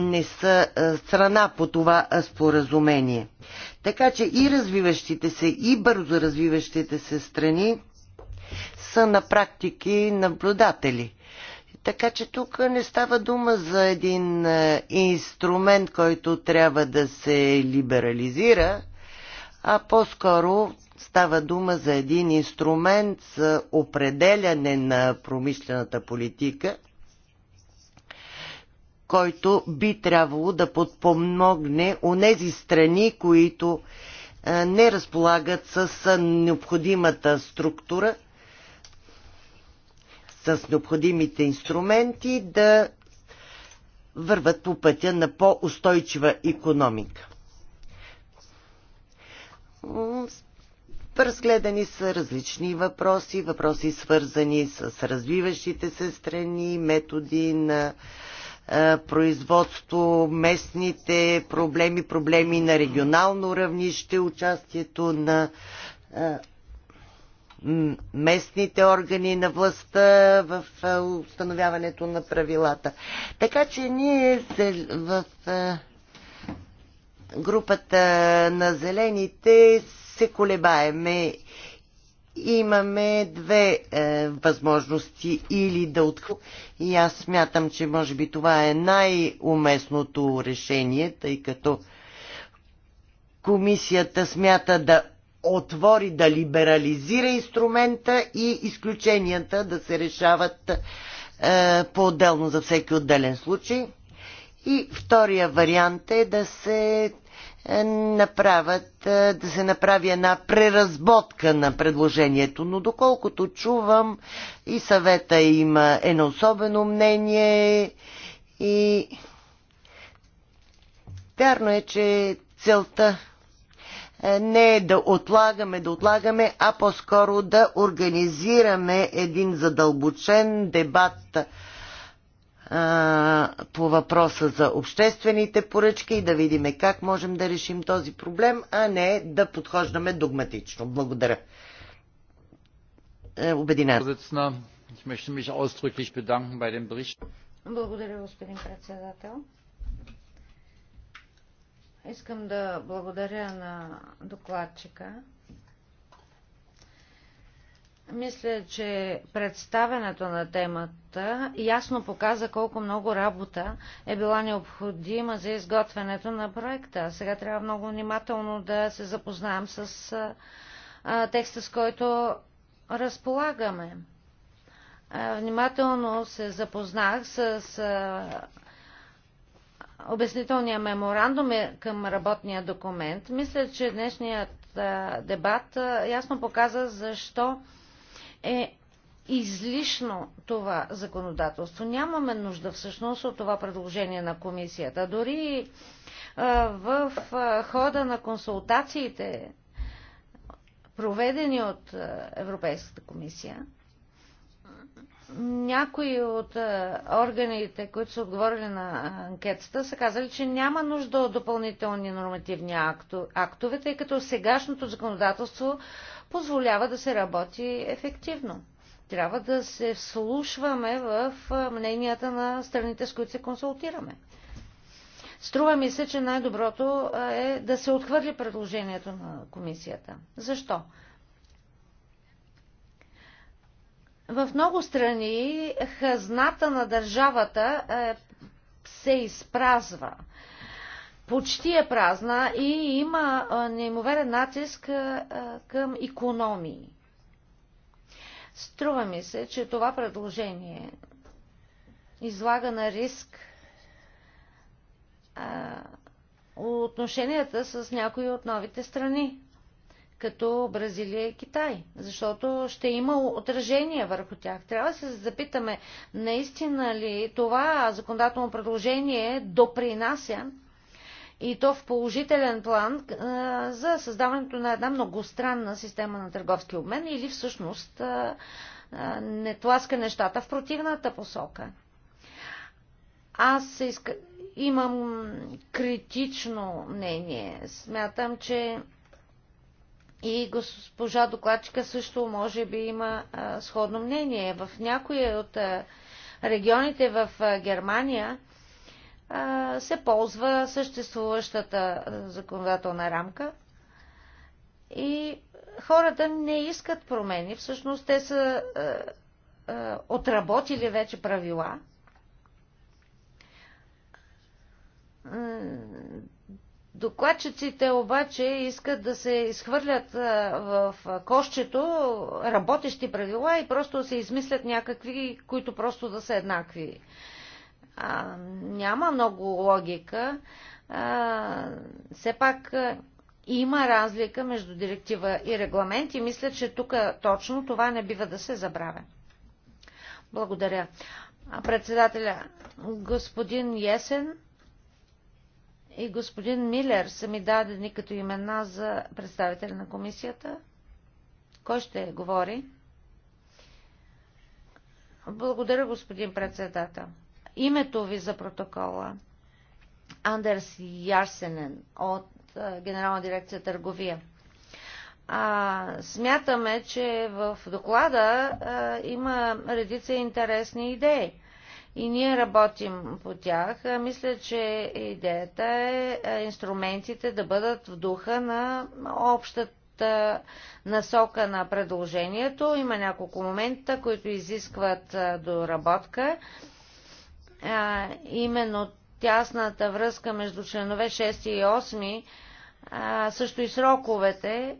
не са страна по това споразумение. Така че и развиващите се, и бързо развиващите се страни са на практики наблюдатели. Така че тук не става дума за един е, инструмент, който трябва да се либерализира, а по-скоро става дума за един инструмент за определяне на промишлената политика, който би трябвало да подпомогне онези страни, които е, не разполагат с е, необходимата структура – с необходимите инструменти да върват по пътя на по-устойчива економика. Разгледани са различни въпроси, въпроси свързани с развиващите се страни, методи на производство, местните проблеми, проблеми на регионално равнище, участието на местните органи на властта в установяването на правилата. Така че ние в групата на зелените се колебаеме. Имаме две е, възможности или да отхвърлим. И аз смятам, че може би това е най-уместното решение, тъй като комисията смята да отвори, да либерализира инструмента и изключенията да се решават е, по-отделно за всеки отделен случай. И втория вариант е да се е, направят, е, да се направи една преразботка на предложението. Но доколкото чувам и съвета има едно особено мнение и вярно е, че целта е, не да отлагаме, да отлагаме, а по-скоро да организираме един задълбочен дебат а, е, по въпроса за обществените поръчки и да видиме как можем да решим този проблем, а не да подхождаме догматично. Благодаря. Е, Благодаря, господин председател. Искам да благодаря на докладчика. Мисля, че представенето на темата ясно показа колко много работа е била необходима за изготвянето на проекта. Сега трябва много внимателно да се запознаем с а, текста, с който разполагаме. А, внимателно се запознах с а, обяснителния меморандум е към работния документ. Мисля, че днешният дебат ясно показа защо е излишно това законодателство. Нямаме нужда всъщност от това предложение на комисията. Дори в хода на консултациите, проведени от Европейската комисия, някои от е, органите, които са отговорили на анкетата, са казали, че няма нужда от допълнителни нормативни актове, тъй като сегашното законодателство позволява да се работи ефективно. Трябва да се вслушваме в е, мненията на страните, с които се консултираме. Струва ми се, че най-доброто е да се отхвърли предложението на комисията. Защо? В много страни хазната на държавата е, се изпразва. Почти е празна и има е, неимоверен натиск е, към економии. Струва ми се, че това предложение излага на риск отношенията с някои от новите страни като Бразилия и Китай, защото ще има отражение върху тях. Трябва да се запитаме, наистина ли това законодателно предложение допринася и то в положителен план за създаването на една многостранна система на търговски обмен или всъщност не тласка нещата в противната посока. Аз имам критично мнение. Смятам, че и госпожа докладчика също може би има а, сходно мнение. В някои от а, регионите в а, Германия а, се ползва съществуващата а, законодателна рамка и хората не искат промени. Всъщност те са а, а, отработили вече правила Докладчиците обаче искат да се изхвърлят в кошчето работещи правила и просто се измислят някакви, които просто да са еднакви. А, няма много логика. А, все пак има разлика между директива и регламент и мисля, че тук точно това не бива да се забравя. Благодаря. Председателя, господин Есен и господин Милер са ми дадени като имена за представителя на комисията. Кой ще говори? Благодаря, господин председател. Името ви за протокола. Андерс Ярсенен от Генерална дирекция търговия. А, смятаме, че в доклада а, има редица интересни идеи и ние работим по тях. Мисля, че идеята е, е инструментите да бъдат в духа на общата насока на предложението. Има няколко момента, които изискват доработка. Именно тясната връзка между членове 6 и 8 също и сроковете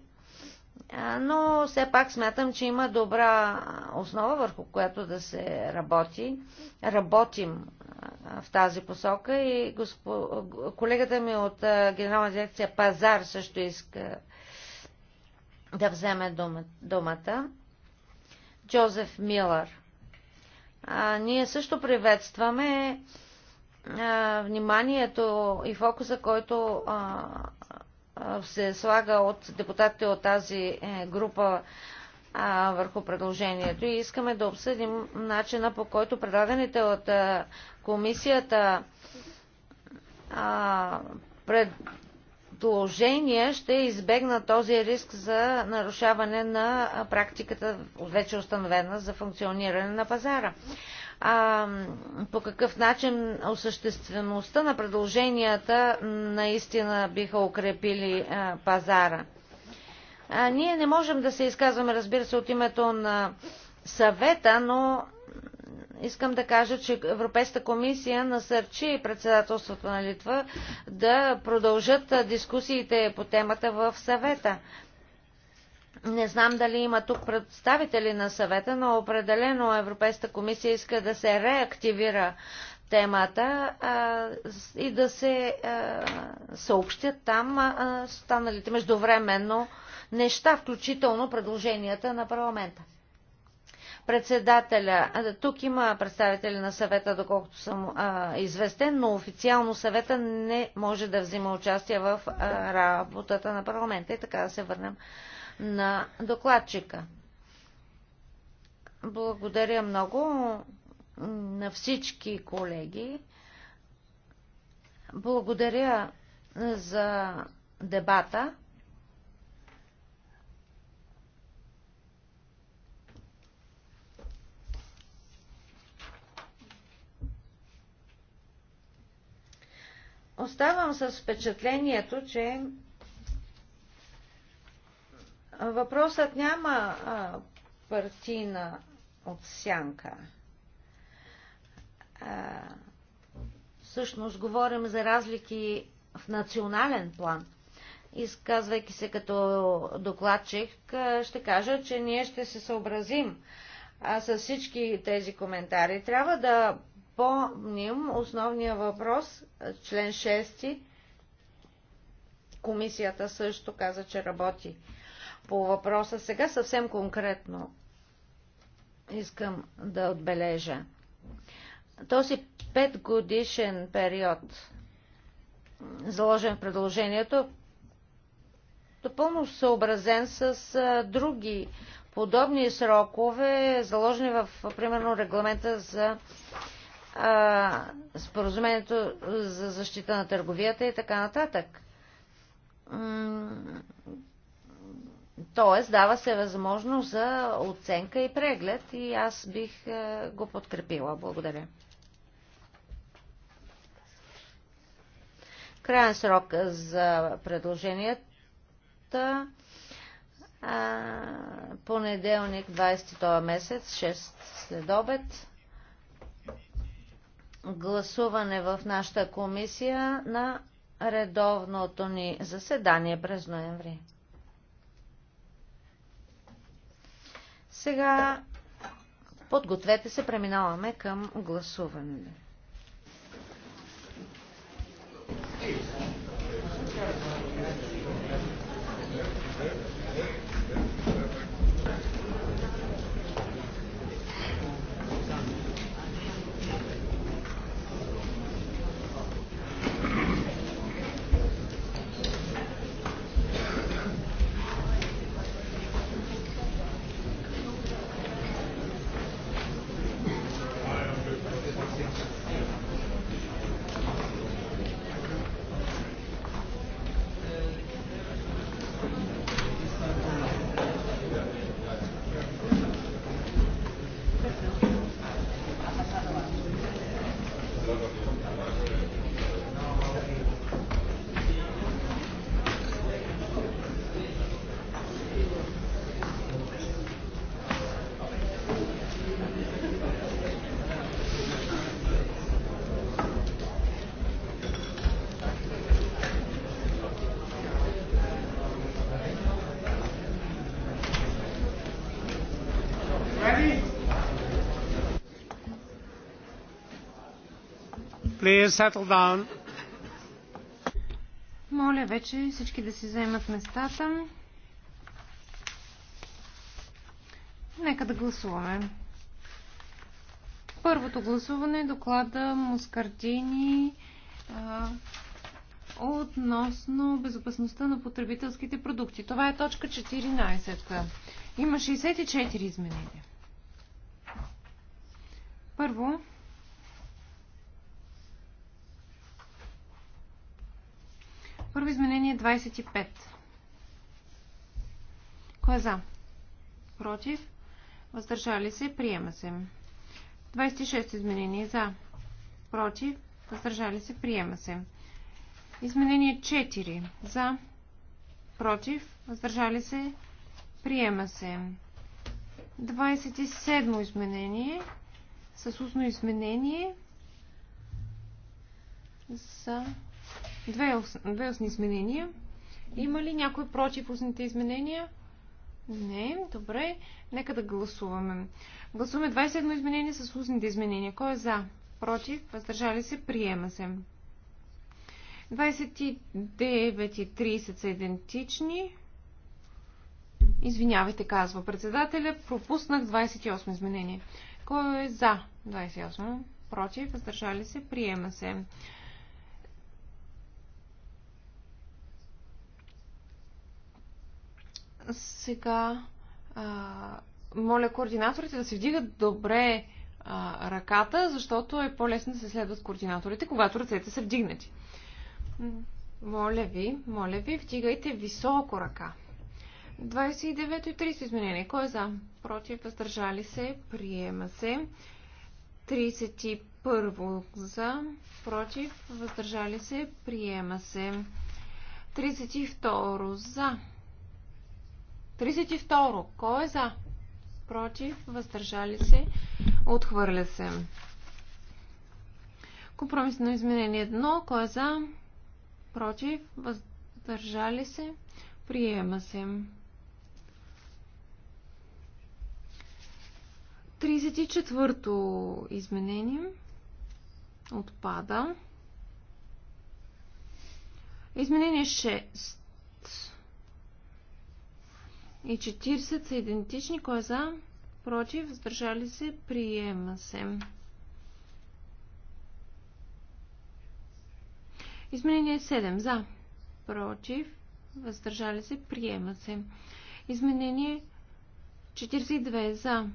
но все пак смятам, че има добра основа, върху която да се работи. Работим в тази посока и госпо... колегата ми от Генерална дирекция Пазар също иска да вземе думата. Джозеф Милър. А, ние също приветстваме а, вниманието и фокуса, който а, се слага от депутатите от тази е, група върху предложението и искаме да обсъдим начина по който предадените от е, комисията предложения ще избегнат този риск за нарушаване на практиката, вече установена за функциониране на пазара а, по какъв начин осъществеността на предложенията наистина биха укрепили а, пазара. А, ние не можем да се изказваме, разбира се, от името на съвета, но искам да кажа, че Европейската комисия насърчи председателството на Литва да продължат дискусиите по темата в съвета. Не знам дали има тук представители на съвета, но определено Европейската комисия иска да се реактивира темата а, и да се а, съобщят там а, станалите междувременно неща, включително предложенията на парламента. Председателя, тук има представители на съвета, доколкото съм а, известен, но официално съвета не може да взима участие в а, работата на парламента. И така да се върнем на докладчика. Благодаря много на всички колеги. Благодаря за дебата. Оставам с впечатлението, че Въпросът няма а, партийна отсянка. А, всъщност говорим за разлики в национален план. Изказвайки се като докладчик, ще кажа, че ние ще се съобразим а, с всички тези коментари. Трябва да помним основния въпрос, член 6. Комисията също каза, че работи по въпроса. Сега съвсем конкретно искам да отбележа. Този петгодишен период, заложен в предложението, допълно е съобразен с други подобни срокове, заложени в, примерно, регламента за а, споразумението за защита на търговията и така нататък. Тоест, дава се възможност за оценка и преглед и аз бих е, го подкрепила. Благодаря. Крайен срок за предложенията понеделник 22 месец, 6 след обед. Гласуване в нашата комисия на редовното ни заседание през ноември. Сега подгответе се, преминаваме към гласуване. Thank you. Моля вече всички да си вземат местата. Нека да гласуваме. Първото гласуване е доклада Мускартини а, относно безопасността на потребителските продукти. Това е точка 14. Има 64 изменения. Първо, Първо изменение 25. Кой е за? Против? Въздържали се? Приема се. 26 изменение за. Против? Въздържали се? Приема се. Изменение 4. За. Против? Въздържали се? Приема се. 27 изменение с устно изменение за Две, ос, две осни изменения. Има ли някой против устните изменения? Не, добре. Нека да гласуваме. Гласуваме 21 изменение с устните изменения. Кой е за? Против? Въздържали се? Приема се. 29 и 30 са идентични. Извинявайте, казва председателя. Пропуснах 28 изменение. Кой е за 28? Против? Въздържали се? Приема се. Сега а, моля координаторите да се вдигат добре а, ръката, защото е по-лесно да се следват координаторите, когато ръцете са вдигнати. Моля ви, моля ви, вдигайте високо ръка. 29 и 30 изменение. Кой е за? Против, въздържали се, приема се. 31 за, против, въздържали се, приема се. 32 за, 32. Кой е за? Против? Въздържали се? Отхвърля се. на изменение 1. Кой е за? Против? Въздържали се? Приема се. 34-то изменение отпада. Изменение 6 и 40 са идентични. Кой е за? Против? Въздържали се? Приема се. Изменение 7. За. Против? Въздържали се? Приема се. Изменение 42. За.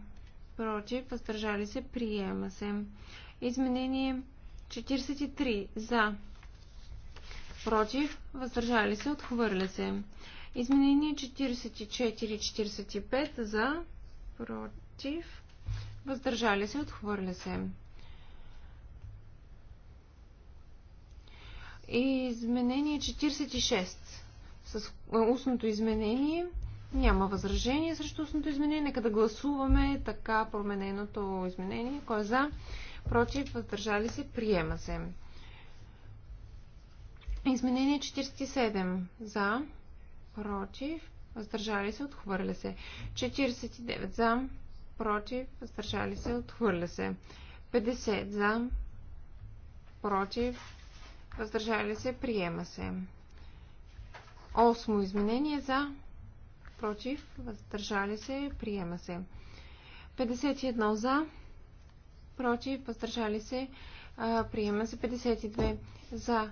Против? Въздържали се? Приема се. Изменение 43. За. Против? Въздържали се? Отхвърля се. Изменение 44-45 за, против, въздържали се, отхвърля се. Изменение 46 с е, устното изменение. Няма възражение срещу устното изменение. Нека да гласуваме така промененото изменение. Кой е за? Против, въздържали се, приема се. Изменение 47. За против, въздържали се, отхвърля се. 49 за, против, въздържали се, отхвърля се. 50 за, против, въздържали се, приема се. Осмо изменение за, против, въздържали се, приема се. 51 за, против, въздържали се, приема се. 52 за,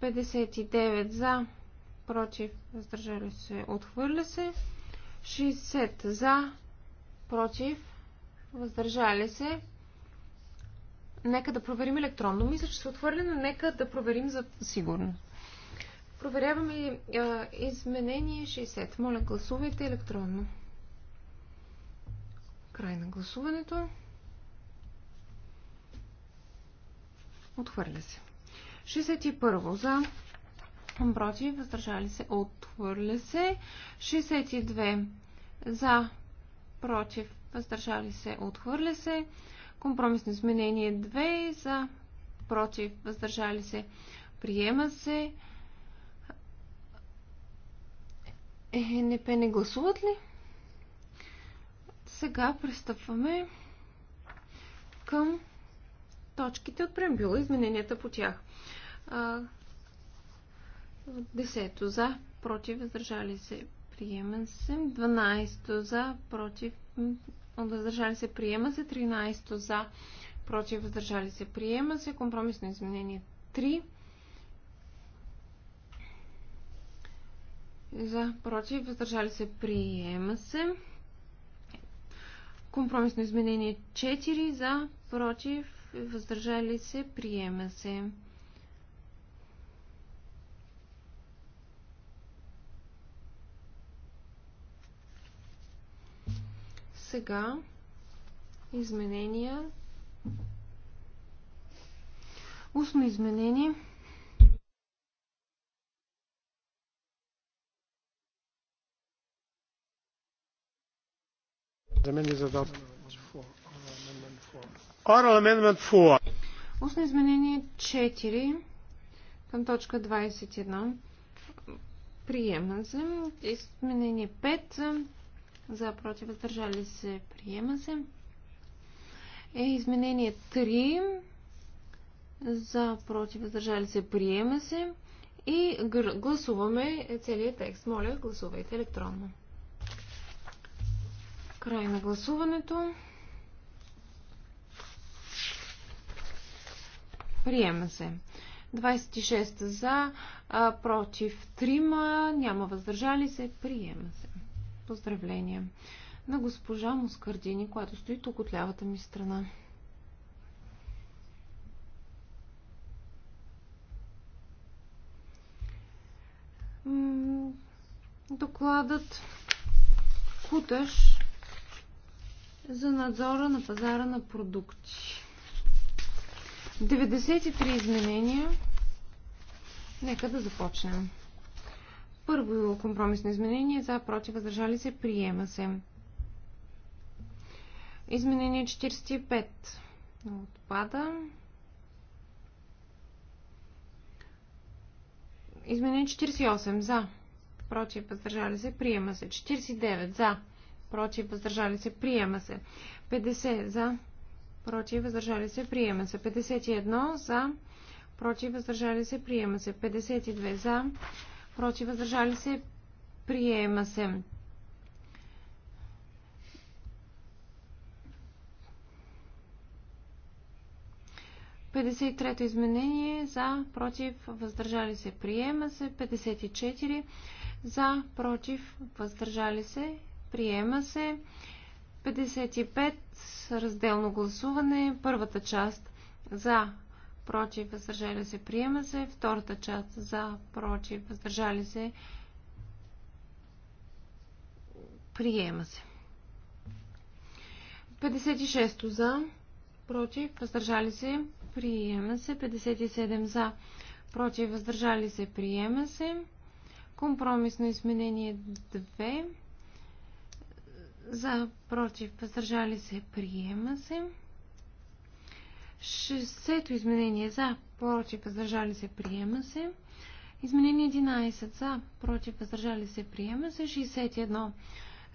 59 за, против, въздържали се, отхвърля се. 60 за, против, въздържали се. Нека да проверим електронно. Мисля, че се отхвърля, но нека да проверим за сигурно. Проверяваме а, изменение 60. Моля, гласувайте електронно. Край на гласуването. Отхвърля се. 61 за, против, въздържали се, отхвърля се. 62 за, против, въздържали се, отхвърля се. Компромисно изменение 2 за, против, въздържали се, приема се. ЕНП не гласуват ли? Сега пристъпваме към точките от преамбюла, измененията по тях. Десето за, против, въздържали се, приема се. Дванайсто за, против, въздържали се, приема се. Тринайсто за, против, въздържали се, приема се. Компромисно изменение 3. За, против, въздържали се, приема се. Компромисно изменение 4. За, против, въздържали се, приема се. Сега изменения. Устно изменение. Устно изменение 4 към точка 21. Приема се. Изменение 5 за против въздържали се приема се. Е изменение 3 за против въздържали се приема се. И гласуваме целият текст. Моля, гласувайте електронно. Край на гласуването. Приема се. 26 за, а, против 3, няма въздържали се. Приема се. Поздравления на госпожа Мускардини, която стои тук от лявата ми страна. Докладът Куташ за надзора на пазара на продукти. 93 изменения. Нека да започнем. Първо компромисно изменение за против въздържали се приема се. Изменение 45 отпада. Изменение 48 за против въздържали се приема се. 49 за против въздържали се приема се. 50 за против въздържали се приема се. 51 за против въздържали се приема се. 52 за против, въздържали се, приема се. Петдесет трето изменение за, против, въздържали се, приема се. 54 за, против, въздържали се, приема се. 55 разделно гласуване, първата част за, против, въздържали се, приема се. Втората част за, против, въздържали се, приема се. 56 за, против, въздържали се, приема се. 57 за, против, въздържали се, приема се. Компромисно изменение 2. За, против, въздържали се, приема се. 60-то изменение за, против, въздържали се, приема се. Изменение 11 за, против, въздържали се, приема се. 61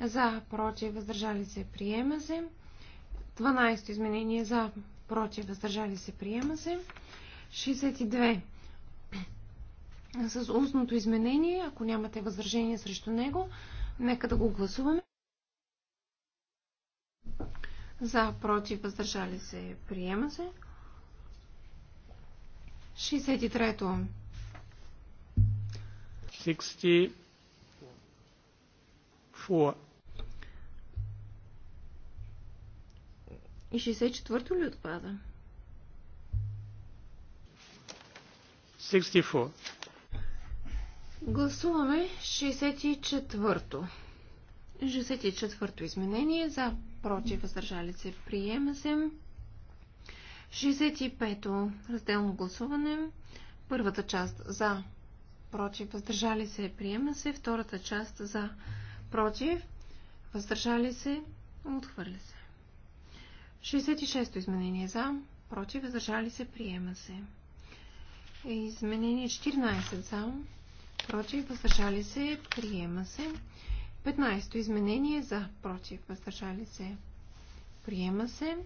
за, против, въздържали се, приема се. 12 изменение за, против, въздържали се, приема се. 62 с устното изменение, ако нямате възражение срещу него, нека да го гласуваме. За, против, въздържали се, приема се. 63-то. 64. 64-то ли отпада? 64. Гласуваме 64-то. 64-то изменение за против, въздържали се, приема се. 65-то разделно гласуване. Първата част за, против, въздържали се, приема се. Втората част за, против, въздържали се, отхвърля се. 66-то изменение за, против, въздържали се, приема се. Изменение 14 за, против, въздържали се, приема се. 15-то изменение за, против, въздържали се, приема се.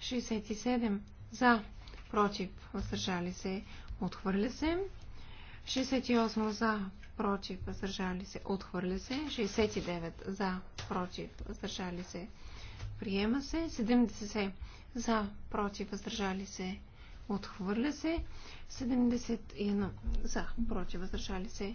67 за, против, въздържали се, отхвърля се. 68 за, против, въздържали се, отхвърля се. 69 за, против, въздържали се, приема се. 70 за, против, въздържали се, отхвърля се. 71 за, против, въздържали се,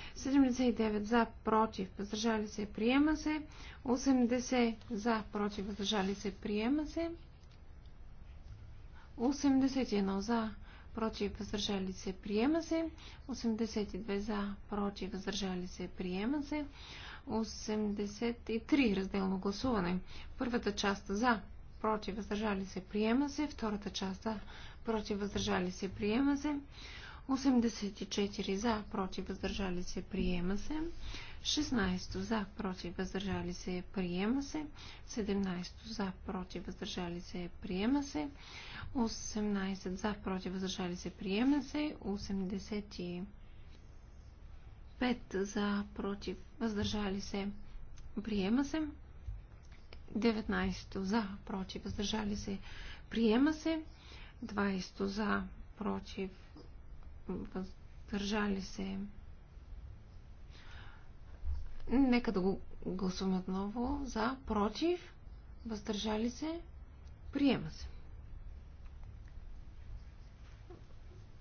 79 за, против, въздържали се, приема се. 80 за, против, въздържали се, приема се. 81 за, против, въздържали се, приема се. 82 за, против, въздържали се, приема се. 83 разделно гласуване. Първата част за, против, въздържали се, приема се. Втората част за, против, въздържали се, приема се. 84 за, против, въздържали се, приема се. 16 за, против, въздържали се, приема се. 17 за, против, въздържали се, приема се. 18 за, против, въздържали се, приема се. 85 за, против, въздържали се, приема се. 19 за, против, въздържали се, приема се. 20 за, против, въздържали се. Нека да го гласуваме отново. За, против, въздържали се, приема се.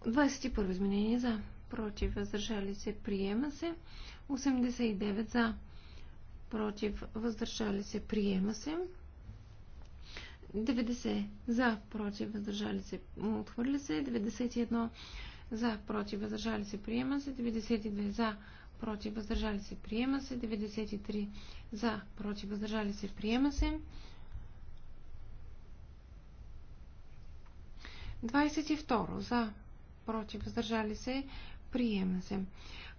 21 изменение за, против, въздържали се, приема се. 89 за, против, въздържали се, приема се. 90 за, против, въздържали се, отхвърля се. 91 за, против, въздържали се, приема се. 92 за, против, въздържали се, приема се. 93 за, против, въздържали се, приема се. 22 за, против, въздържали се, приема се.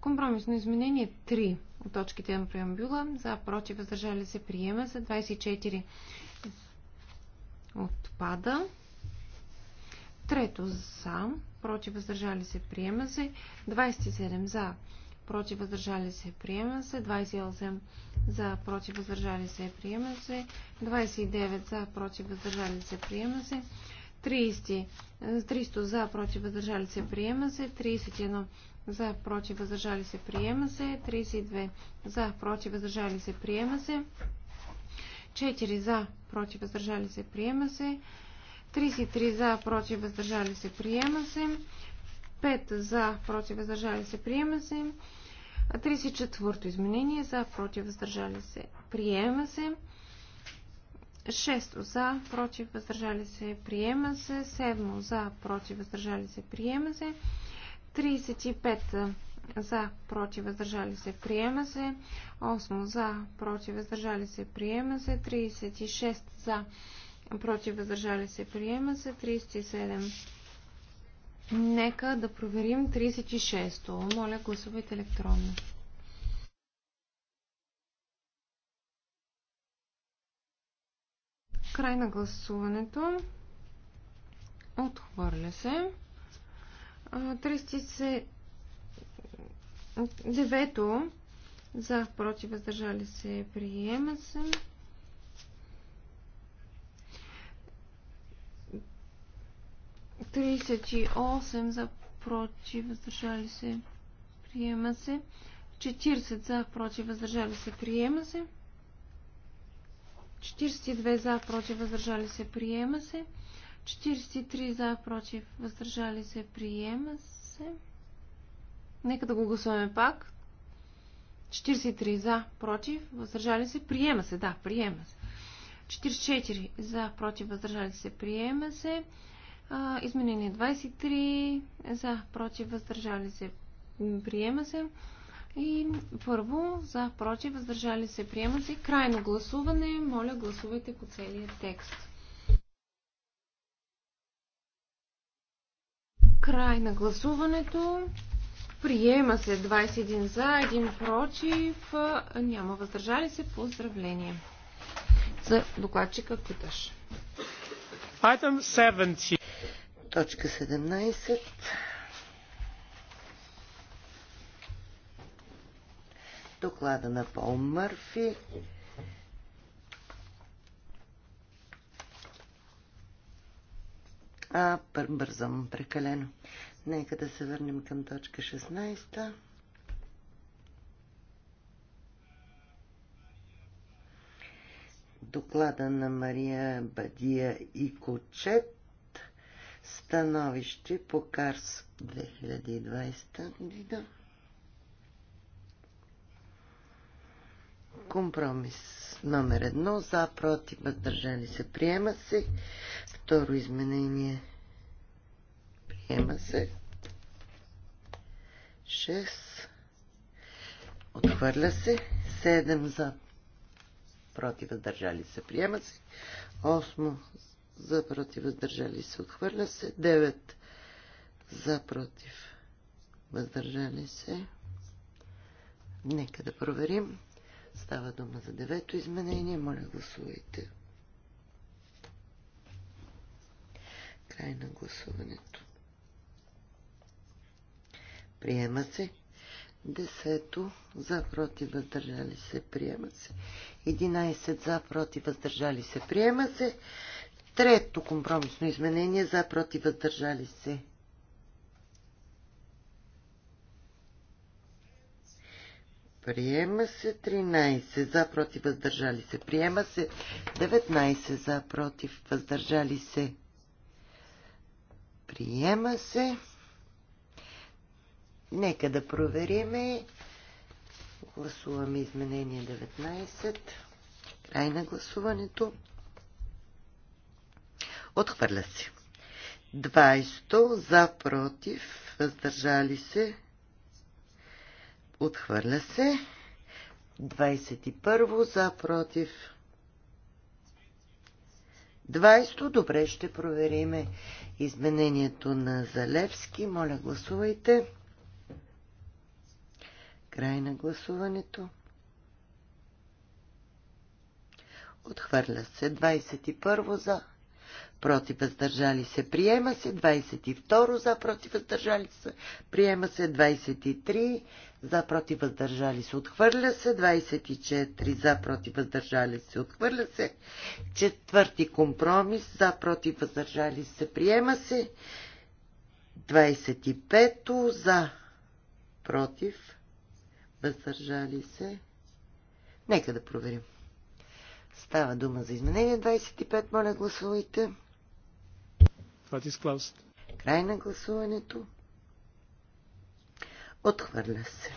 Компромисно изменение 3 от точките на преамбюла. За, против, въздържали се, приема се. 24 отпада. Трето за, против въздържали се, приема се. 27 за, против въздържали се, приема се. 28 за, против въздържали се, приема се. 29 за, против въздържали се, приема се. 30, 300 за, против въздържали се, приема се. 31 за, против въздържали се, приема се. 32 за, против въздържали се, приема се. 4 за, против въздържали се, приема се. 33 за, против, въздържали се, приема се. 5 за, против, въздържали се, приема се. 34-то изменение за, против, въздържали се, приема се. 6 за, против, въздържали се, приема се. 7 за, против, въздържали се, приема се. 35 за, против, въздържали се, приема се. 8 за, против, въздържали се, приема се. 36 за, против въздържали се, приема се 37. Нека да проверим 36-то. Моля, гласувайте електронно. Край на гласуването. Отхвърля се. 39-то за против въздържали се, приема се. 38 за против, въздържали се, приема се. 40 за против, въздържали се, приема се. 42 за против, въздържали се, приема се. 43 за против, въздържали се, приема се. Нека да го гласуваме пак. 43 за против, въздържали се, приема се, да, приема се. 44 за против, въздържали се, приема се. Изменение 23 за, против, въздържали се, приема се. И първо, за, против, въздържали се, приема се. Крайно гласуване. Моля, гласувайте по целия текст. Край на гласуването. Приема се 21 за, 1 против, няма въздържали се. Поздравление за докладчика Куташ. Item 70. Точка 17. Доклада на Пол Мърфи. А, бързам прекалено. Нека да се върнем към точка 16. доклада на Мария Бадия и Кочет становище по КАРС 2020 година. Компромис номер едно. За, против, въздържали се. Приема се. Второ изменение. Приема се. 6. Отхвърля се. 7 за против въздържали се, приема се. 8 за против въздържали се, отхвърля се. 9 за против въздържали се. Нека да проверим. Става дума за девето изменение. Моля, гласувайте. Край на гласуването. Приема се. Десето за против въздържали се приема се. 11 за против въздържали се приема се. Трето компромисно изменение за против въздържали се. Приема се 13 за против въздържали се. Приема се 19 за против въздържали се. Приема се Нека да провериме. Гласуваме изменение 19. Край на гласуването. Отхвърля се. 20 за против, въздържали се. Отхвърля се. 21 за против. 20 добре ще провериме изменението на Залевски. Моля гласувайте. Край на гласуването. Отхвърля се 21 за. Против въздържали се. Приема се 22 за. Против въздържали се. Приема се 23 за. Против въздържали се. Отхвърля се 24 за. Против въздържали се. Отхвърля се. Четвърти компромис за. Против въздържали се. Приема се 25 за. Против въздържали се. Нека да проверим. Става дума за изменение 25. Моля, гласувайте. Край на гласуването. Отхвърля се.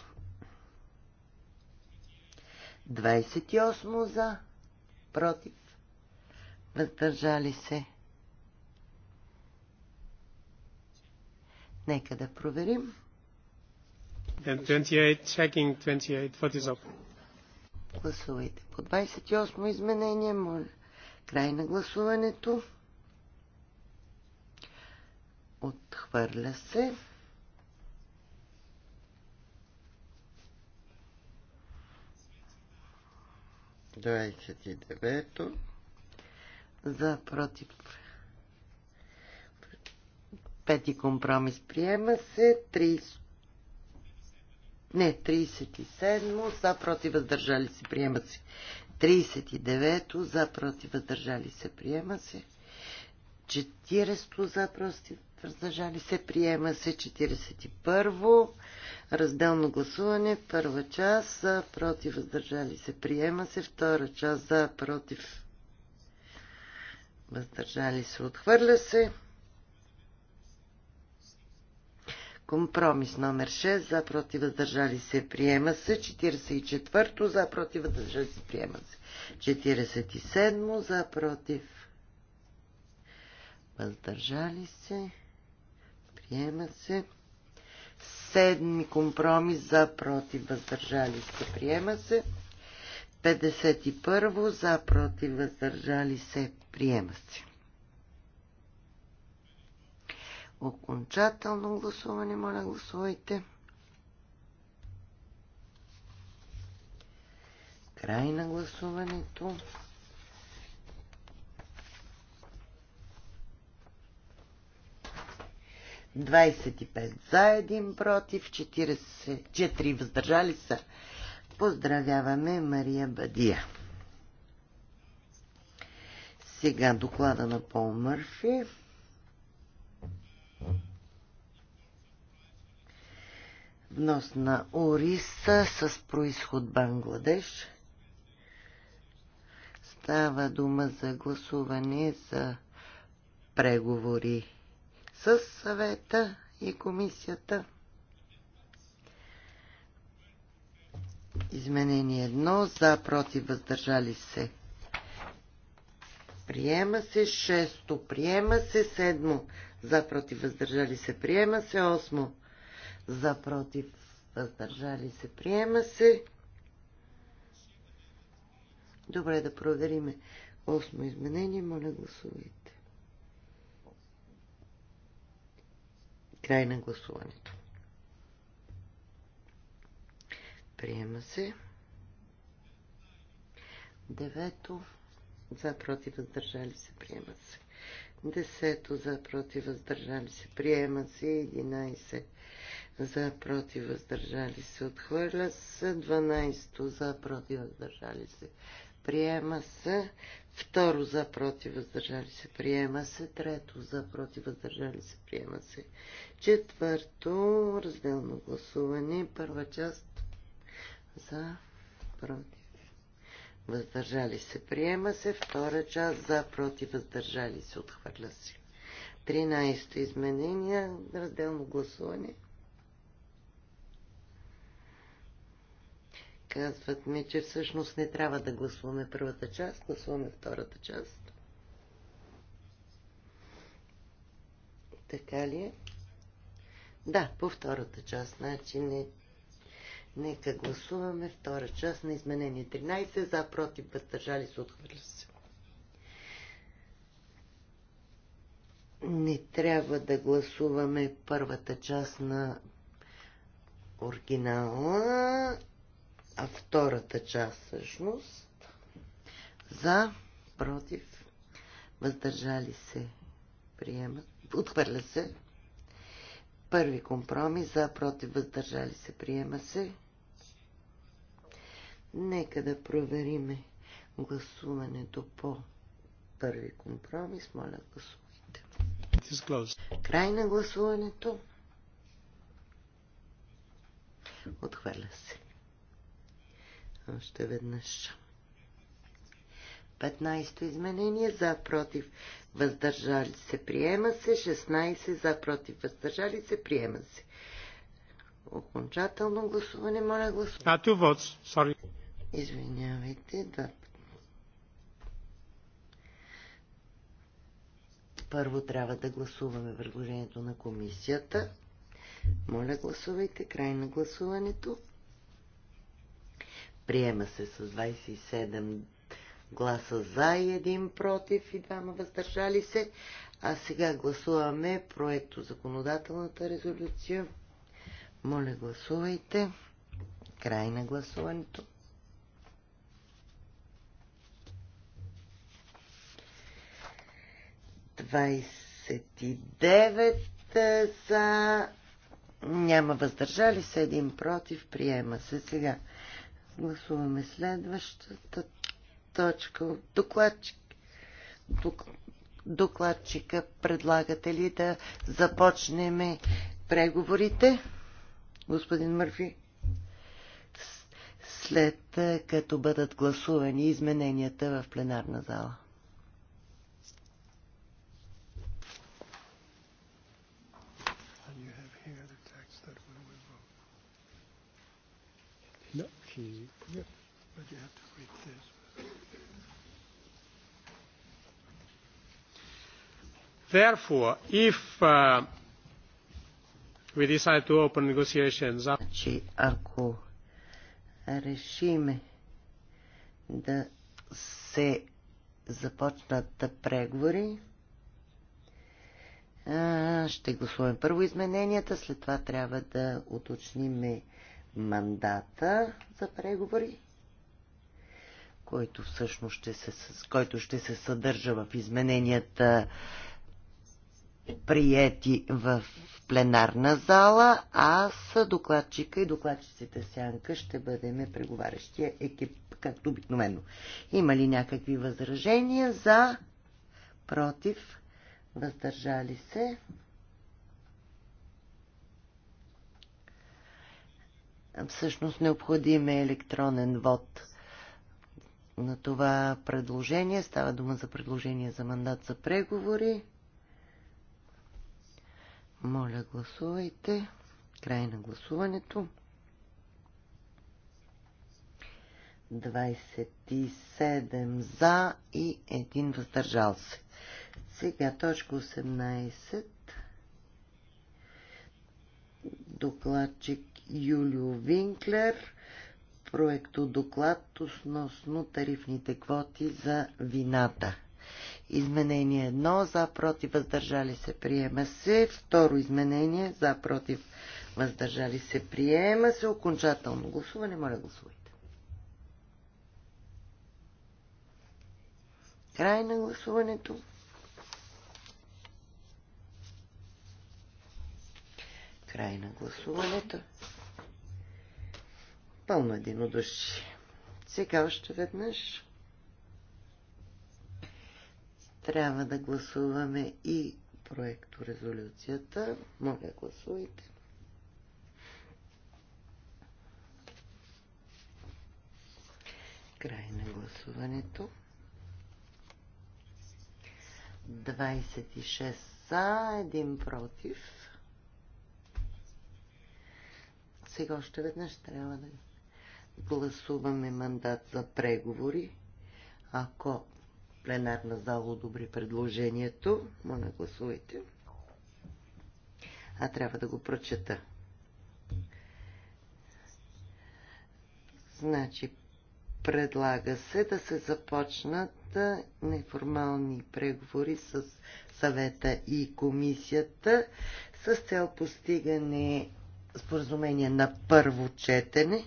28 за, против, въздържали се. Нека да проверим. Then 28, checking 28. What is open? Гласувайте по 28 изменение, моля. Край на гласуването. Отхвърля се. Двадесет и девето. За против. Пети компромис приема се. 30 не, 37 за против въздържали се, приема се. 39 за против въздържали се, приема се. 40 за против въздържали се, приема се. 41 разделно гласуване, първа част за против въздържали се, приема се. Втора част за против въздържали се, отхвърля се. Компромис номер 6 за против въздържали се приема се. 44 за против въздържали се приема се. 47 за против въздържали се приема се. Седми компромис за против въздържали се приема се. 51 за против въздържали се приема се. Окончателно гласуване, моля гласувайте. Край на гласуването. Двадесет и пет за, един против, 44 въздържали са. Поздравяваме Мария Бадия. Сега доклада на Пол Мърфи. внос на ориса с происход Бангладеш. Става дума за гласуване за преговори с съвета и комисията. Изменение едно, за против въздържали се. Приема се шесто, приема се седмо, за против въздържали се, приема се осмо, за против, въздържали се, приема се. Добре, да провериме. Осмо изменение, моля гласувайте. Край на гласуването. Приема се. Девето. За против въздържали се. Приема се. Десето. За против въздържали се. Приема се. Единайсет за против въздържали се отхвърля се, 12 за против въздържали се приема се, второ за против въздържали се приема се, трето за против въздържали се приема се, четвърто разделно гласуване, първа част за против въздържали се приема се, втора част за против въздържали се отхвърля се. 13 изменения, разделно гласуване. Казват ми, че всъщност не трябва да гласуваме първата част, гласуваме втората част. Така ли е? Да, по втората част. Значи не... Нека гласуваме втора част на изменение 13. За, против, въздържали се, отхвърля се. Не трябва да гласуваме първата част на оригинала а втората част всъщност. За, против, въздържали се, приемат, отхвърля се. Първи компромис, за, против, въздържали се, приема се. Нека да провериме гласуването по първи компромис. Моля, гласувайте. Край на гласуването. Отхвърля се. Още веднъж. 15 изменение за против въздържали се приема се. 16 за против въздържали се приема се. Окончателно гласуване, моля гласуване. А, two votes, sorry. Извинявайте, да. Първо трябва да гласуваме предложението на комисията. Моля гласувайте край на гласуването. Приема се с 27 гласа за и един против и двама въздържали се. А сега гласуваме проекто законодателната резолюция. Моля, гласувайте. Край на гласуването. Двадесет и девет за няма въздържали се, един против, приема се сега. Гласуваме следващата точка. Докладчик. Докладчика предлагате ли да започнем преговорите, господин Мърфи? След е, като бъдат гласувани измененията в пленарна зала. he. Yep. But you have to read this. Therefore, if uh, we decide to open negotiations, uh, значи, ако решиме да се започнат преговори, ще гласуваме първо измененията, след това трябва да уточним мандата за преговори, който всъщност ще се, който ще се съдържа в измененията приети в пленарна зала, а с докладчика и докладчиците Сянка ще бъдем преговарящия екип, както обикновено. Има ли някакви възражения за, против, въздържали се? всъщност необходим е електронен вод на това предложение. Става дума за предложение за мандат за преговори. Моля, гласувайте. Край на гласуването. 27 за и 1 въздържал се. Сега точка 18. Докладчик Юлио Винклер, проекто доклад относно тарифните квоти за вината. Изменение 1 за против въздържали се приема се. Второ изменение за против въздържали се приема се. Окончателно гласуване. Моля гласувайте. Край на гласуването. Край на гласуването. Пълно единодушие. Сега още веднъж трябва да гласуваме и проекто резолюцията. Моля, гласувайте. Край на гласуването. 26 са, 1 против. Сега още веднъж трябва да гласуваме мандат за преговори. Ако пленарна зала одобри предложението, моля гласувайте. А трябва да го прочета. Значи, предлага се да се започнат неформални преговори с съвета и комисията с цел постигане споразумение на първо четене.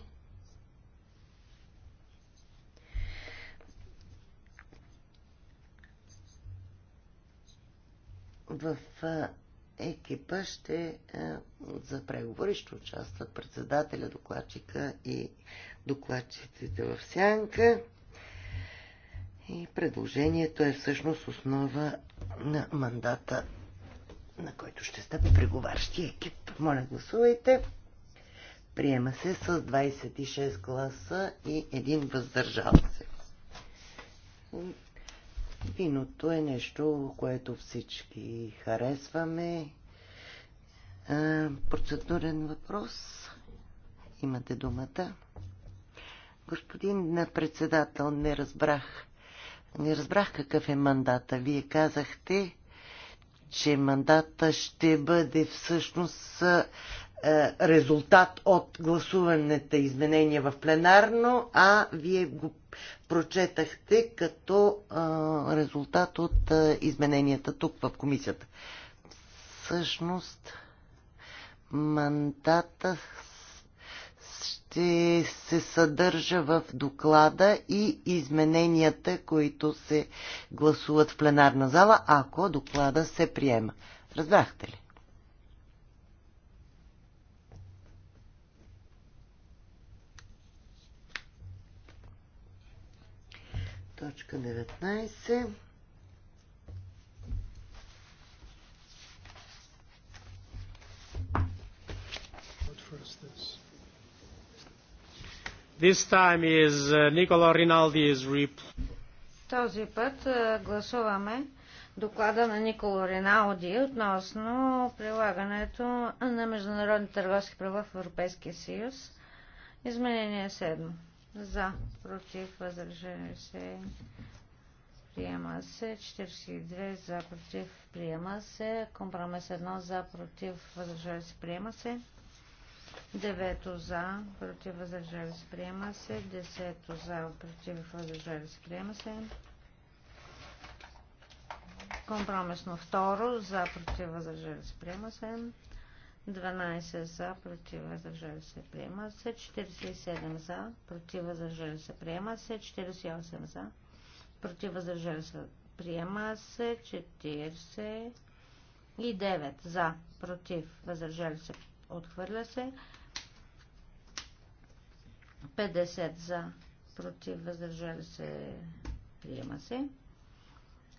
В екипа ще за преговори ще участват председателя, докладчика и докладчиците в сянка. И предложението е всъщност основа на мандата на който ще стъпи преговарщи екип. Моля, гласувайте. Приема се с 26 гласа и един въздържал се. Виното е нещо, което всички харесваме. Процедурен въпрос. Имате думата. Господин на председател, не разбрах. Не разбрах какъв е мандата. Вие казахте, че мандата ще бъде всъщност резултат от гласуваните изменения в пленарно, а вие го прочетахте като резултат от измененията тук в комисията. Всъщност, мандата ще се съдържа в доклада и измененията, които се гласуват в пленарна зала, ако доклада се приема. Разбрахте ли? Точка 19. This time is uh, Nicola Rinaldi's rep. Този път е, гласуваме доклада на Николо Риналди относно прилагането на международни търговски права в Европейския съюз. Изменение 7. За, против, въздържали се, приема се. 42 за, против, приема се. Компромис 1 за, против, въздържали се, приема се. Девето за, против въздържали се, приема се. Десето за, против въздържали се, приема се. Компромисно второ, за, против въздържали се, приема се. 12 за, против въздържали се, приема се. 47 за, против въздържали се, приема се. 48 за, против въздържали се, приема се. 49 за, против въздържали се, отхвърля се. 50 за, против, въздържали се, приема се.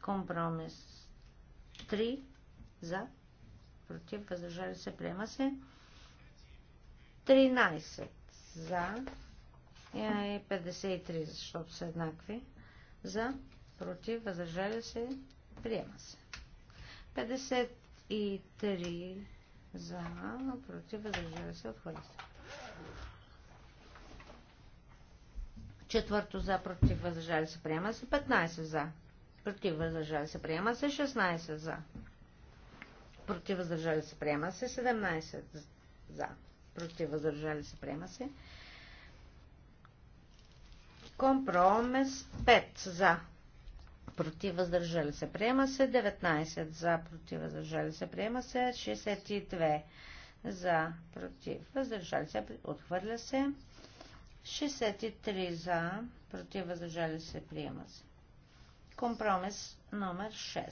Компромис 3 за, против, въздържали се, приема се. 13 за е, и 53, защото са еднакви. За, против, въздържали се, приема се. 53 за, против, въздържали се, отхвърля се. Четвърто за, против, въздържали се, приема се. 15 за, против, въздържали се, приема се. 16 за, против, въздържали се, приема се. 17 за, против, въздържали се, приема се. Компромес 5 за, против въздържали се. Приема се 19 за против въздържали се. Приема се 62 за против въздържали се. Отхвърля се 63 за, против въздържали се, приема се. Компромис номер 6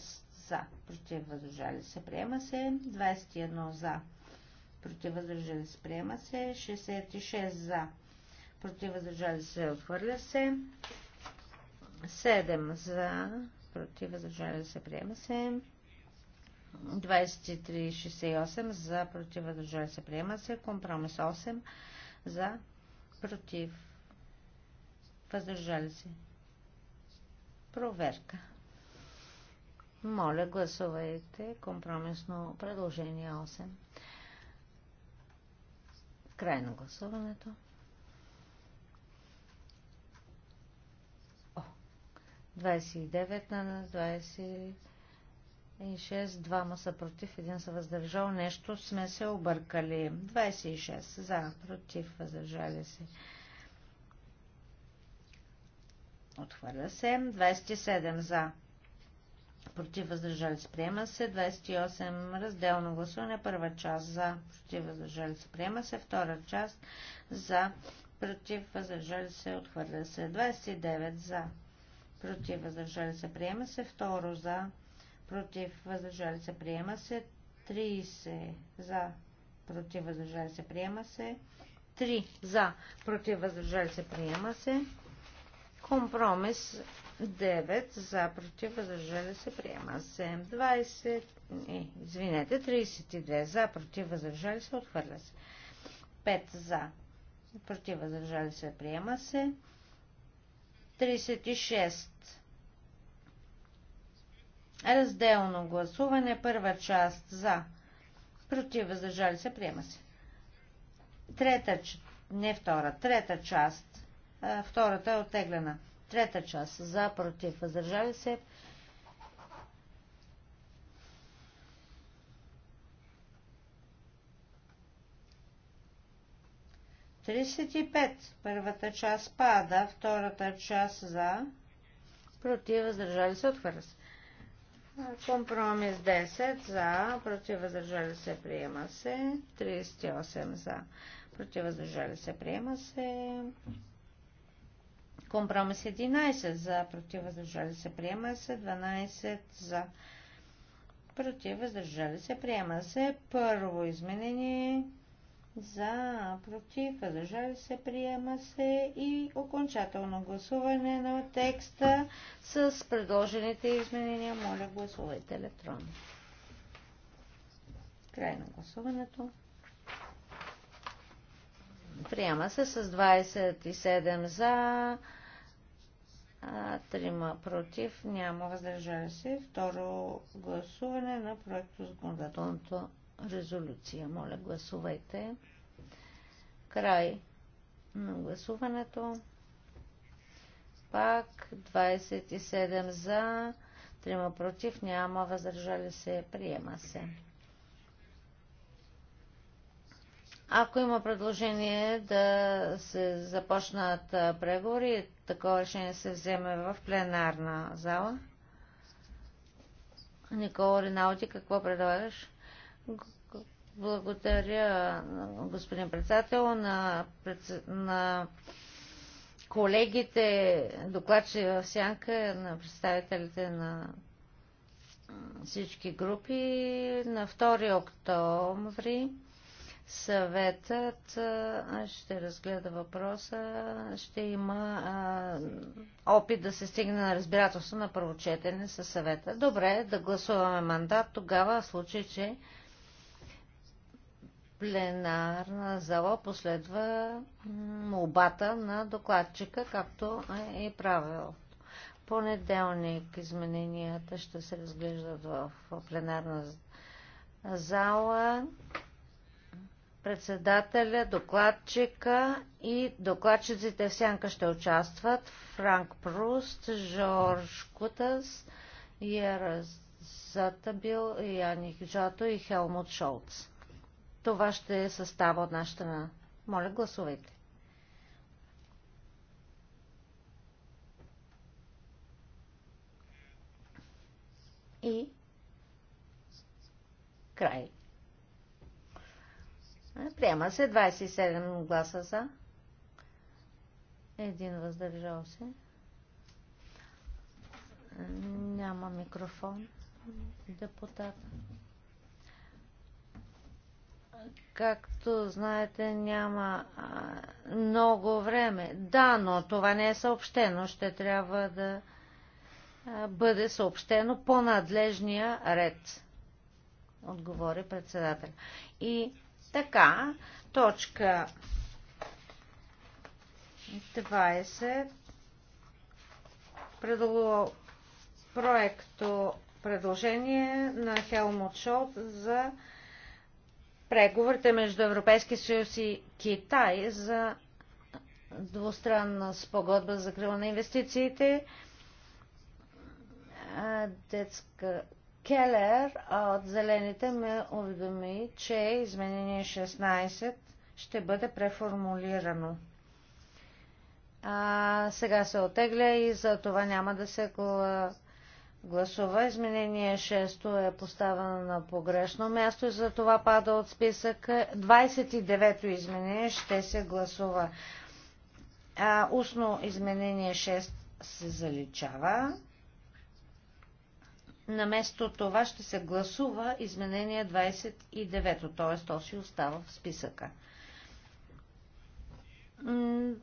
за, против въздържали се, приема се. 21 за, против въздържали се, приема се. 66 за, против въздържали се, отхвърля се. 7 за, против въздържали се, приема се. 23,68 за, против въздържали се, приема се. Компромис 8 за, против, въздържали се. Проверка. Моля, гласувайте компромисно предложение 8. Край на гласуването. О, 29 на 20 и 6, двама са против, един са въздържал. Нещо сме се объркали. 26 за, против, въздържали се. Отхвърля се. 27 за. Против въздържали се. Приема се. 28 разделно гласуване. Първа част за. Против въздържали се. Приема се. Втора част за. Против въздържали се. Отхвърля се. 29 за. Против въздържали се. Приема се. Второ за против, въздържали се, приема се. 30 за, против, въздържали се, приема се. 3 за, против, въздържали се, приема се. Компромис 9 за, против, въздържали се, приема се. 20, не, извинете, 32 за, против, въздържали се, отхвърля се. 5 за, против, въздържали се, приема се. 36 Разделно гласуване. Първа част за. Против въздържали се. Приема се. Трета, не втора, трета част. Втората е оттеглена. Трета част за, против, въздържали се. Тридесет и пет. Първата част пада, втората част за, против, въздържали се, отхвърля се. Компромис 10 за, против въздържали се, приема се. 38 за, против въздържали се, приема се. Компромис 11 за, против въздържали се, приема се. 12 за, против въздържали се, приема се. Първо изменение за, против, въздържали се, приема се и окончателно гласуване на текста с предложените изменения. Моля, гласувайте електронно. Край на гласуването. Приема се с 27 за, 3 против, няма въздържали се. Второ гласуване на проекто законодателното резолюция. Моля, гласувайте. Край на гласуването. Пак 27 за, 3 против, няма въздържали се, приема се. Ако има предложение да се започнат преговори, такова решение се вземе в пленарна зала. Никола Риналди, какво предлагаш? Благодаря, господин председател, на, на колегите, докладчи в сянка, на представителите на всички групи. На 2 октомври съветът ще разгледа въпроса, ще има а, опит да се стигне на разбирателство на първо четене със съвета. Добре, да гласуваме мандат тогава, в случай, че пленарна зала последва молбата на докладчика, както е правило. Понеделник измененията ще се разглеждат в пленарна зала. Председателя, докладчика и докладчиците в сянка ще участват. Франк Пруст, Жорж Кутас, Ерас Затабил, Яник Джато и Хелмут Шолц. Това ще е състава от нашата страна. Моля, гласувайте. И край. Приема се 27 гласа за. Един въздържал се. Няма микрофон. Депутата. Както знаете, няма много време. Да, но това не е съобщено. Ще трябва да бъде съобщено по надлежния ред. Отговори председател. И така, точка 20. Предло... Проекто предложение на Хелмут Шолт за преговорите между Европейския съюз и Китай за двустранна спогодба за закрила на инвестициите. Детска Келер от Зелените ме уведоми, че изменение 16 ще бъде преформулирано. А, сега се отегля и за това няма да се гласува гласува. Изменение 6 е поставено на погрешно място и за това пада от списък. 29-то изменение ще се гласува. А, устно изменение 6 се заличава. На место това ще се гласува изменение 29-то, т.е. то си остава в списъка.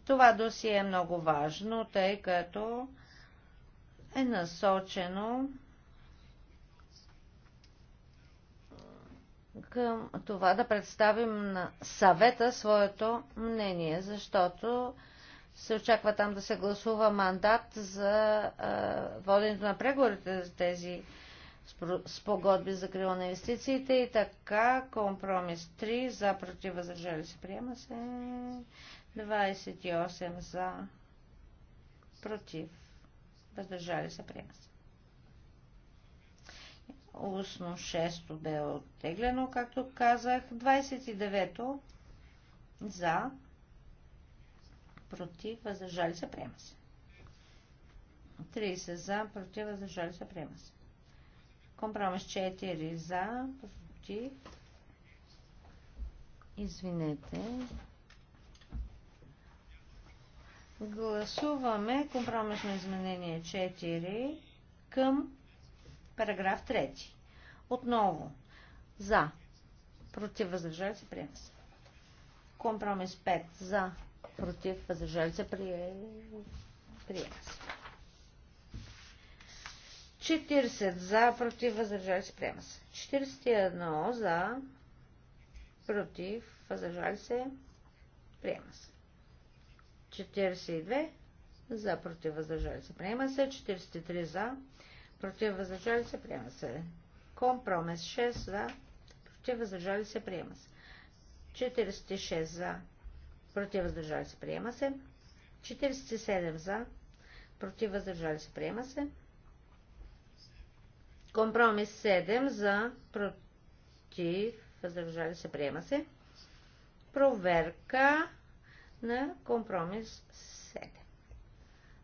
Това досие е много важно, тъй като е насочено към това да представим на съвета своето мнение, защото се очаква там да се гласува мандат за а, воденето на преговорите за тези спогодби за крила на инвестициите и така компромис 3 за против възражали се приема се 28 за против въздържали се, приема се. Устно 6 бе оттеглено, както казах. 29 за, против, въздържали се, приема се. 30 за, против, въздържали се, приема се. Компромис 4 за, против, извинете, Гласуваме компромисно изменение 4 към параграф 3. Отново. За. Против. Въздържали се. Приема се. Компромис 5. За. Против. Въздържали се. Приема се. 40 за, против, въздържали се, приема се. 41 за, против, въздържали се, приема се. 42 за, против, въздържали се, приема се. 43 за, против, въздържали се, приема се. Компромис 6 за, против, въздържали се, приема се. 46 за, против, въздържали се, приема се. 47 за, против, въздържали се, приема се. Компромис 7 за, против, въздържали се, приема се. Проверка на компромис 7.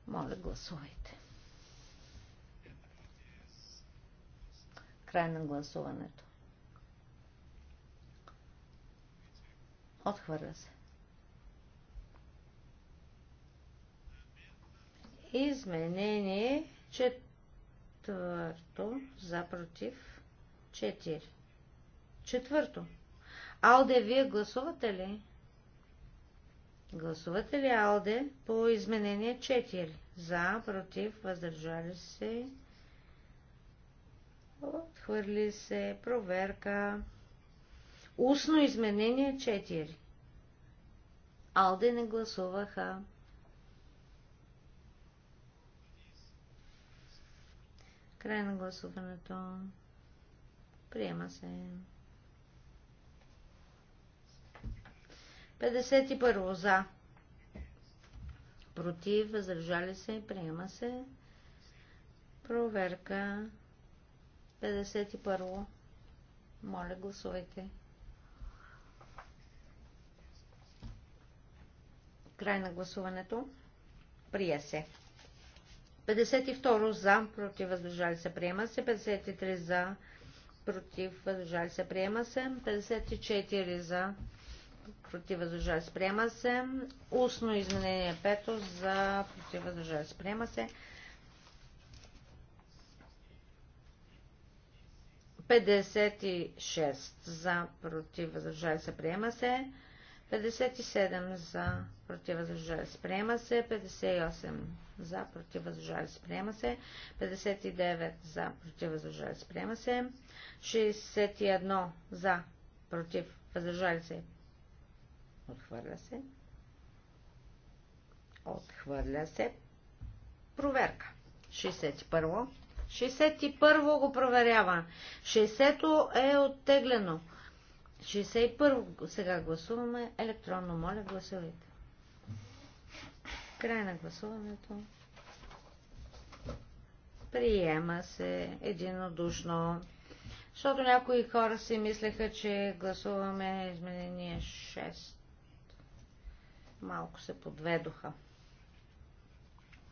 Моля, гласувайте. Край на гласуването. Отхвърля се. Изменение четвърто за против 4. Четвърто. Алде, вие гласувате ли? Гласувате ли АЛДЕ по изменение 4? За, против, въздържали се. Отхвърли се. Проверка. Устно изменение 4. Алде не гласуваха. Край на гласуването. Приема се. 51 за. Против, въздържали се, приема се. Проверка. 51. Моля, гласувайте. Край на гласуването. Прие се. 52 за, против, въздържали се, приема се. 53 за, против, въздържали се, приема се. 54 за, против въздържали се, приема се. Устно изменение 5 за против въздържали се, приема се. 56 за против въздържали се, приема се. 57 за против въздържали се, приема се. 58 за против въздържали се, приема се. 59 за против въздържали се, приема се. 61 за против въздържали се, Отхвърля се. Отхвърля се. Проверка. 61. 61 го проверява. 60-то е оттеглено. 61 сега гласуваме електронно. Моля, гласувайте. Край на гласуването. Приема се единодушно. Защото някои хора си мислеха, че гласуваме изменение 6 малко се подведоха.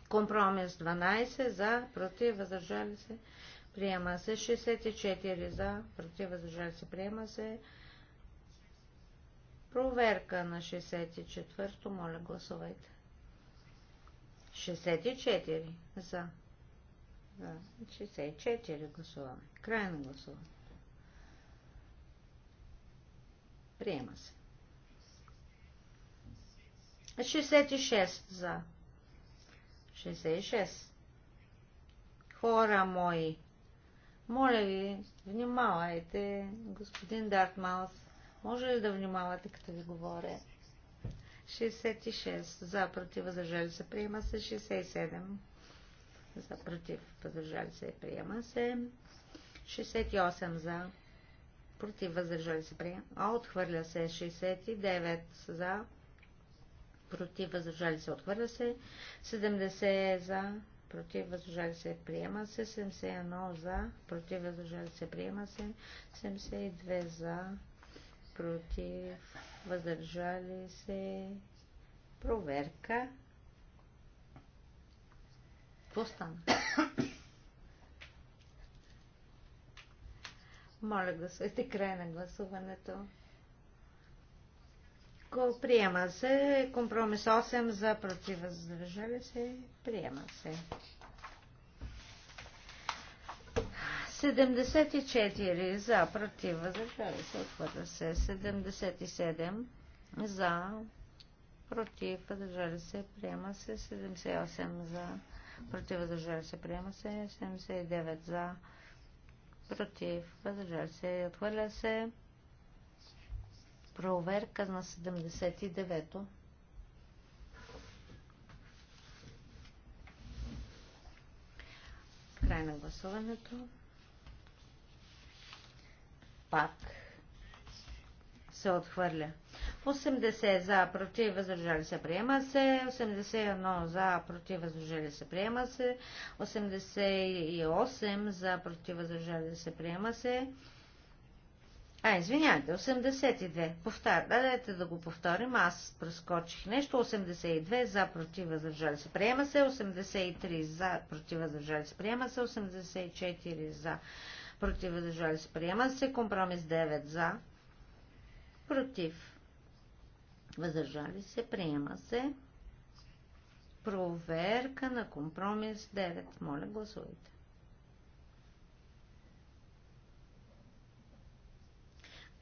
Компромис 12 за, против, въздържали се, приема се. 64 за, против, въздържали се, приема се. Проверка на 64-то, моля гласувайте. 64 за. За 64 гласуваме. Край на гласуване. Приема се. 66 за. 66. Хора мои, моля ви, внимавайте, господин Дартмаус. Може ли да внимавате, като ви говоря? 66 за, против, въздържали се, приема се. 67 за, против, въздържали се, приема се. 68 за, против, въздържали се, приема. Отхвърля се. 69 за, против, въздържали се, отхвърля се. 70 е за, против, въздържали се, приема се. 71 за, против, въздържали се, приема се. 72 за, против, въздържали се. Проверка. Какво стана? Моля, гласувайте край на гласуването. Приема се. Компромис 8 за против въздържали се. Приема се. 74 за против въздържали се. Отхвърля се. 77 за против въздържали се. Приема се. 78 за против въздържали се. Приема се. 79 за против въздържали се. Отхвърля се. Проверка на 79-то. Край на гласуването. Пак се отхвърля. 80 за, против, въздържали се, приема се. 81 за, против, въздържали се, приема се. 88 за, против, въздържали се, приема се. А, извинявайте, 82. Повтар... Дайте да го повторим, аз прескочих нещо. 82 за, против, въздържали се. Приема се 83 за, против, въздържали се. Приема се 84 за, против, въздържали се. Приема се компромис 9 за, против, въздържали се. Приема се проверка на компромис 9. Моля, гласувайте.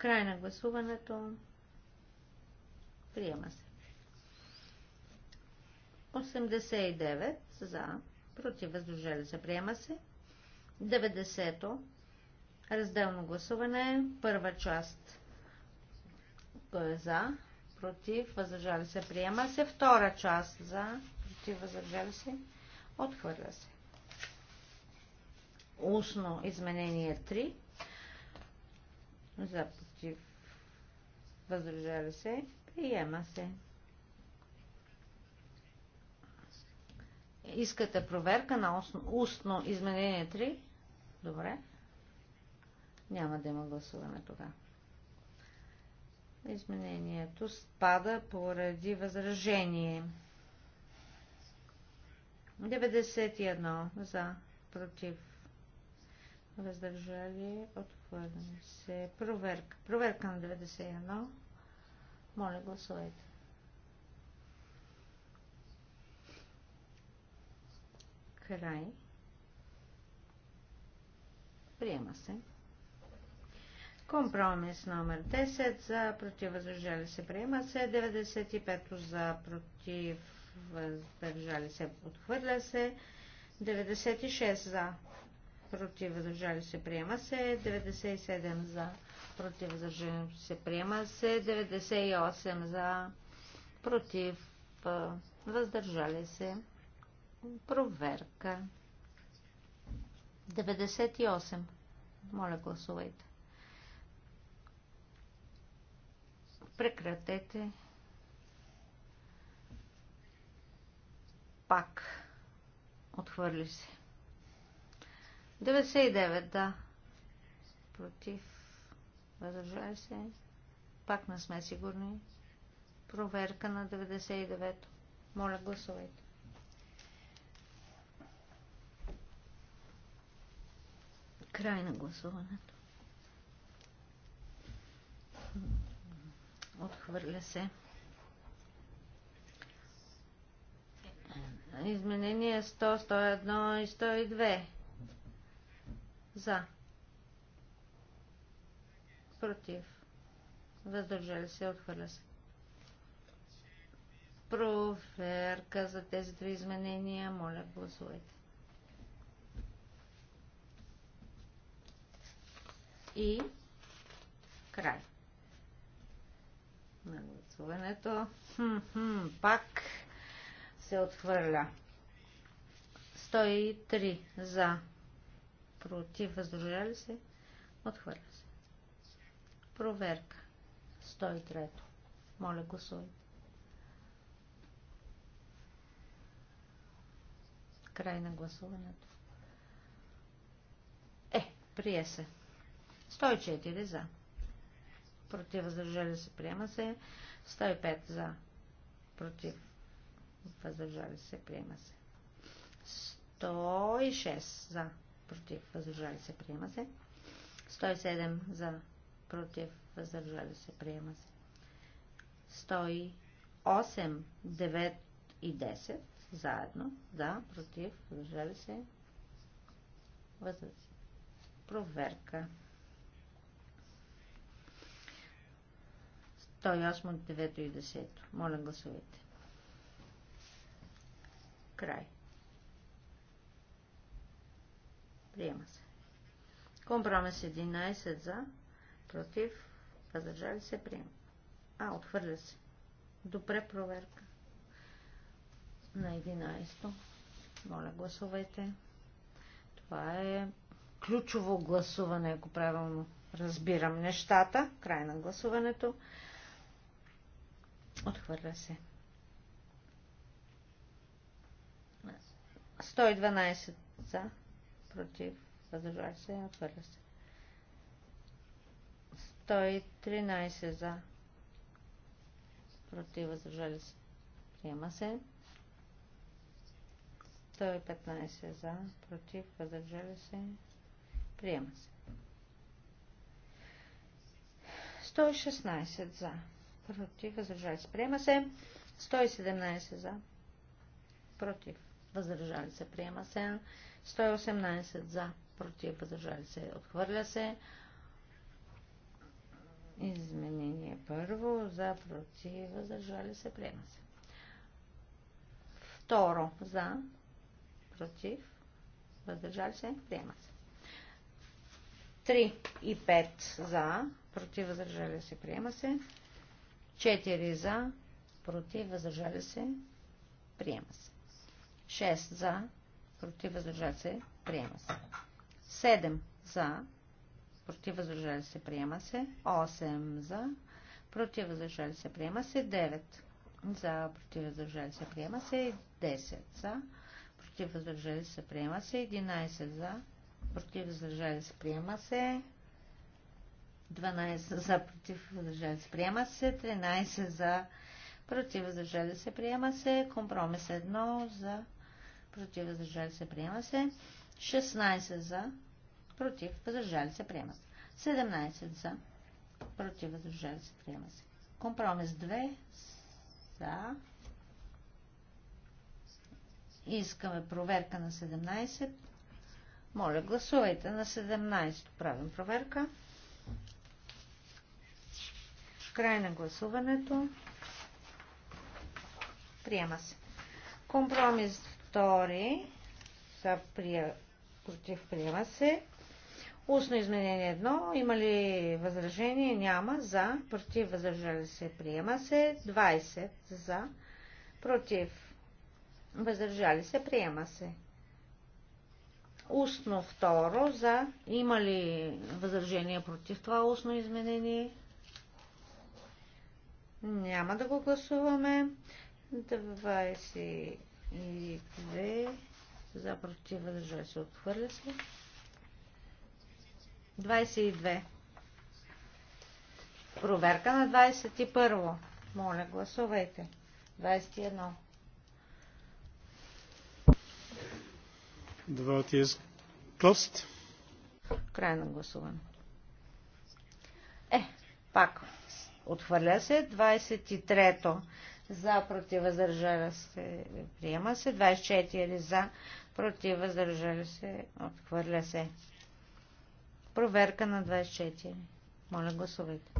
Край на гласуването. Приема се. 89 за, против, въздържали се, приема се. 90-то, разделно гласуване, първа част, кой е за, против, въздържали се, приема се. Втора част за, против, въздържали се, отхвърля се. Устно изменение 3 за против, въздържали се, приема се. Искате проверка на устно, изменение 3? Добре. Няма да има гласуване тогава. Изменението спада поради възражение. 91 за, против, въздържали, отхвърляне се. Проверка. Проверка на 91. Моля, гласувайте. Край. Приема се. Компромис номер 10 за против въздържали се приема се, 95 за против въздържали се отхвърля се, 96 за против, въздържали се, приема се. 97 за, против, въздържали се, приема се. 98 за, против, въздържали се. Проверка. 98. Моля, гласувайте. Прекратете. Пак. Отхвърли се. 99, да. Против. Въздържали се. Пак не сме сигурни. Проверка на 99-то. Моля, гласувайте. Край на гласуването. Отхвърля се. Изменения 100, 101 и 102. За. Против. Въздържали се. Отхвърля се. Проверка за тези две изменения. Моля, гласувайте. И край на гласуването. Хм-хм, пак се отхвърля. 103 за против, въздържали се, отхвърля се. Проверка. 103. Моля, гласувайте. Край на гласуването. Е, прие се. 104 за. Против, въздържали се, приема се. 105 за. Против, въздържали се, приема се. 106 за против, въздържали се, приема се. 107 за, против, въздържали се, приема се. 108, 9 и 10 заедно, да, против, въздържали се, въздържали се. Проверка. 108, 9 и 10. Моля, гласувайте. Край. Приема се. Компромис 11 за, против, въздържали се, приема. А, отхвърля се. Добре проверка. На 11. -то. Моля, гласувайте. Това е ключово гласуване, ако правилно разбирам нещата. Край на гласуването. Отхвърля се. 112 за, против, въздържали се, отвърля се. 113 за, против, въздържали се, приема се. 115 за, против, въздържали се, приема се. 116 за, против, въздържали се, приема се. 117 за, против, въздържали се, приема се. 118 за, против, въздържали се, отхвърля се. Изменение първо, за, против, въздържали се, приема се. Второ, за, против, въздържали се, приема се. Три и пет за, против, въздържали се, приема се. 4 за, против, въздържали се, приема се. 6 за, против, въздържали се, приема се. 7 за, против, въздържали се, приема се. 8 за, против, въздържали се, приема се. 9 за, против, въздържали се, приема се. 10 за, против, въздържали се, приема се. 11 за, против, въздържали се, приема се. 12 за, против, въздържали се, приема се. 13 за, против, въздържали се, приема се. Компромис 1 за, против, въздържали се, приема се. 16 за, против, въздържали се, приема се. 17 за, против, въздържали се, приема се. Компромис 2 за. Искаме проверка на 17. Моля, гласувайте на 17. Правим проверка. Край на гласуването. Приема се. Компромис 2 втори са прия... против приема се. Устно изменение 1. Има ли възражение? Няма. За. Против възражали се. Приема се. 20. За. Против въздържали се. Приема се. Устно второ. За. Има ли възражение против това устно изменение? Няма да го гласуваме и две за против се отхвърля се 22 проверка на 21 моля гласувайте 21 Vote is closed. Край на гласуване. Е, пак. Отхвърля се 23-то за против въздържали се приема се, 24 за против въздържали се отхвърля се. Проверка на 24. Моля гласувайте.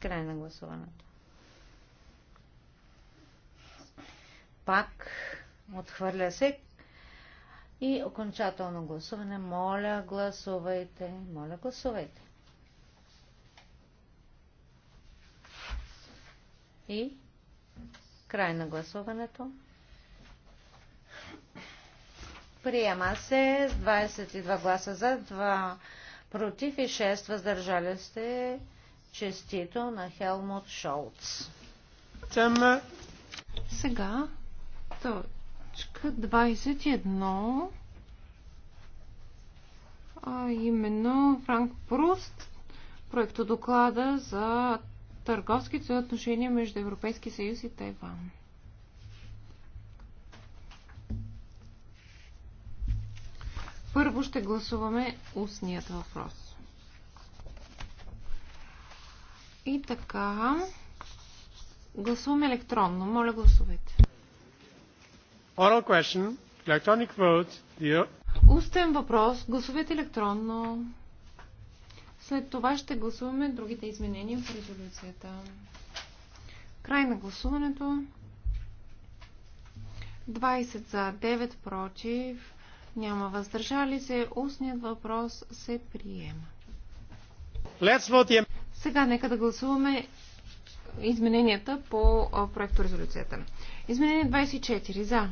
Край на гласуването. Пак отхвърля се и окончателно гласуване. Моля, гласувайте. Моля, гласувайте. И край на гласуването. Приема се с 22 гласа за 2 против и 6 въздържали сте. Честито на Хелмут Шолц. Сега точка 21, а именно Франк Пруст, проекто доклада за търговските отношения между Европейски съюз и Тайван. Първо ще гласуваме устният въпрос. И така, гласуваме електронно. Моля, гласувайте. Oral question, electronic vote, the... Устен въпрос. Гласувайте електронно. След това ще гласуваме другите изменения в резолюцията. Край на гласуването. 20 за, 9 против, няма въздържали се. Устният въпрос се приема. Vote... Сега нека да гласуваме измененията по резолюцията. Изменение 24 за.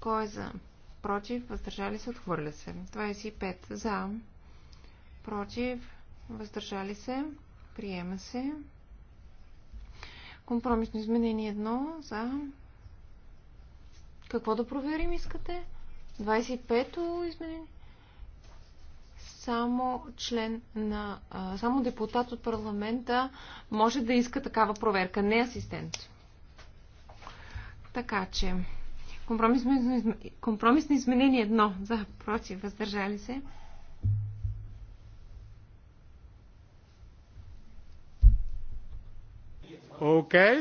Кой е за? Против. Въздържали се. Отхвърля се. 25. За. Против. Въздържали се. Приема се. Компромисно изменение 1. За. Какво да проверим искате? 25-то изменение. Само член на... А, само депутат от парламента може да иска такава проверка, не асистент. Така че... Компромисно, компромисно изменение едно. за против, въздържали се. Okay.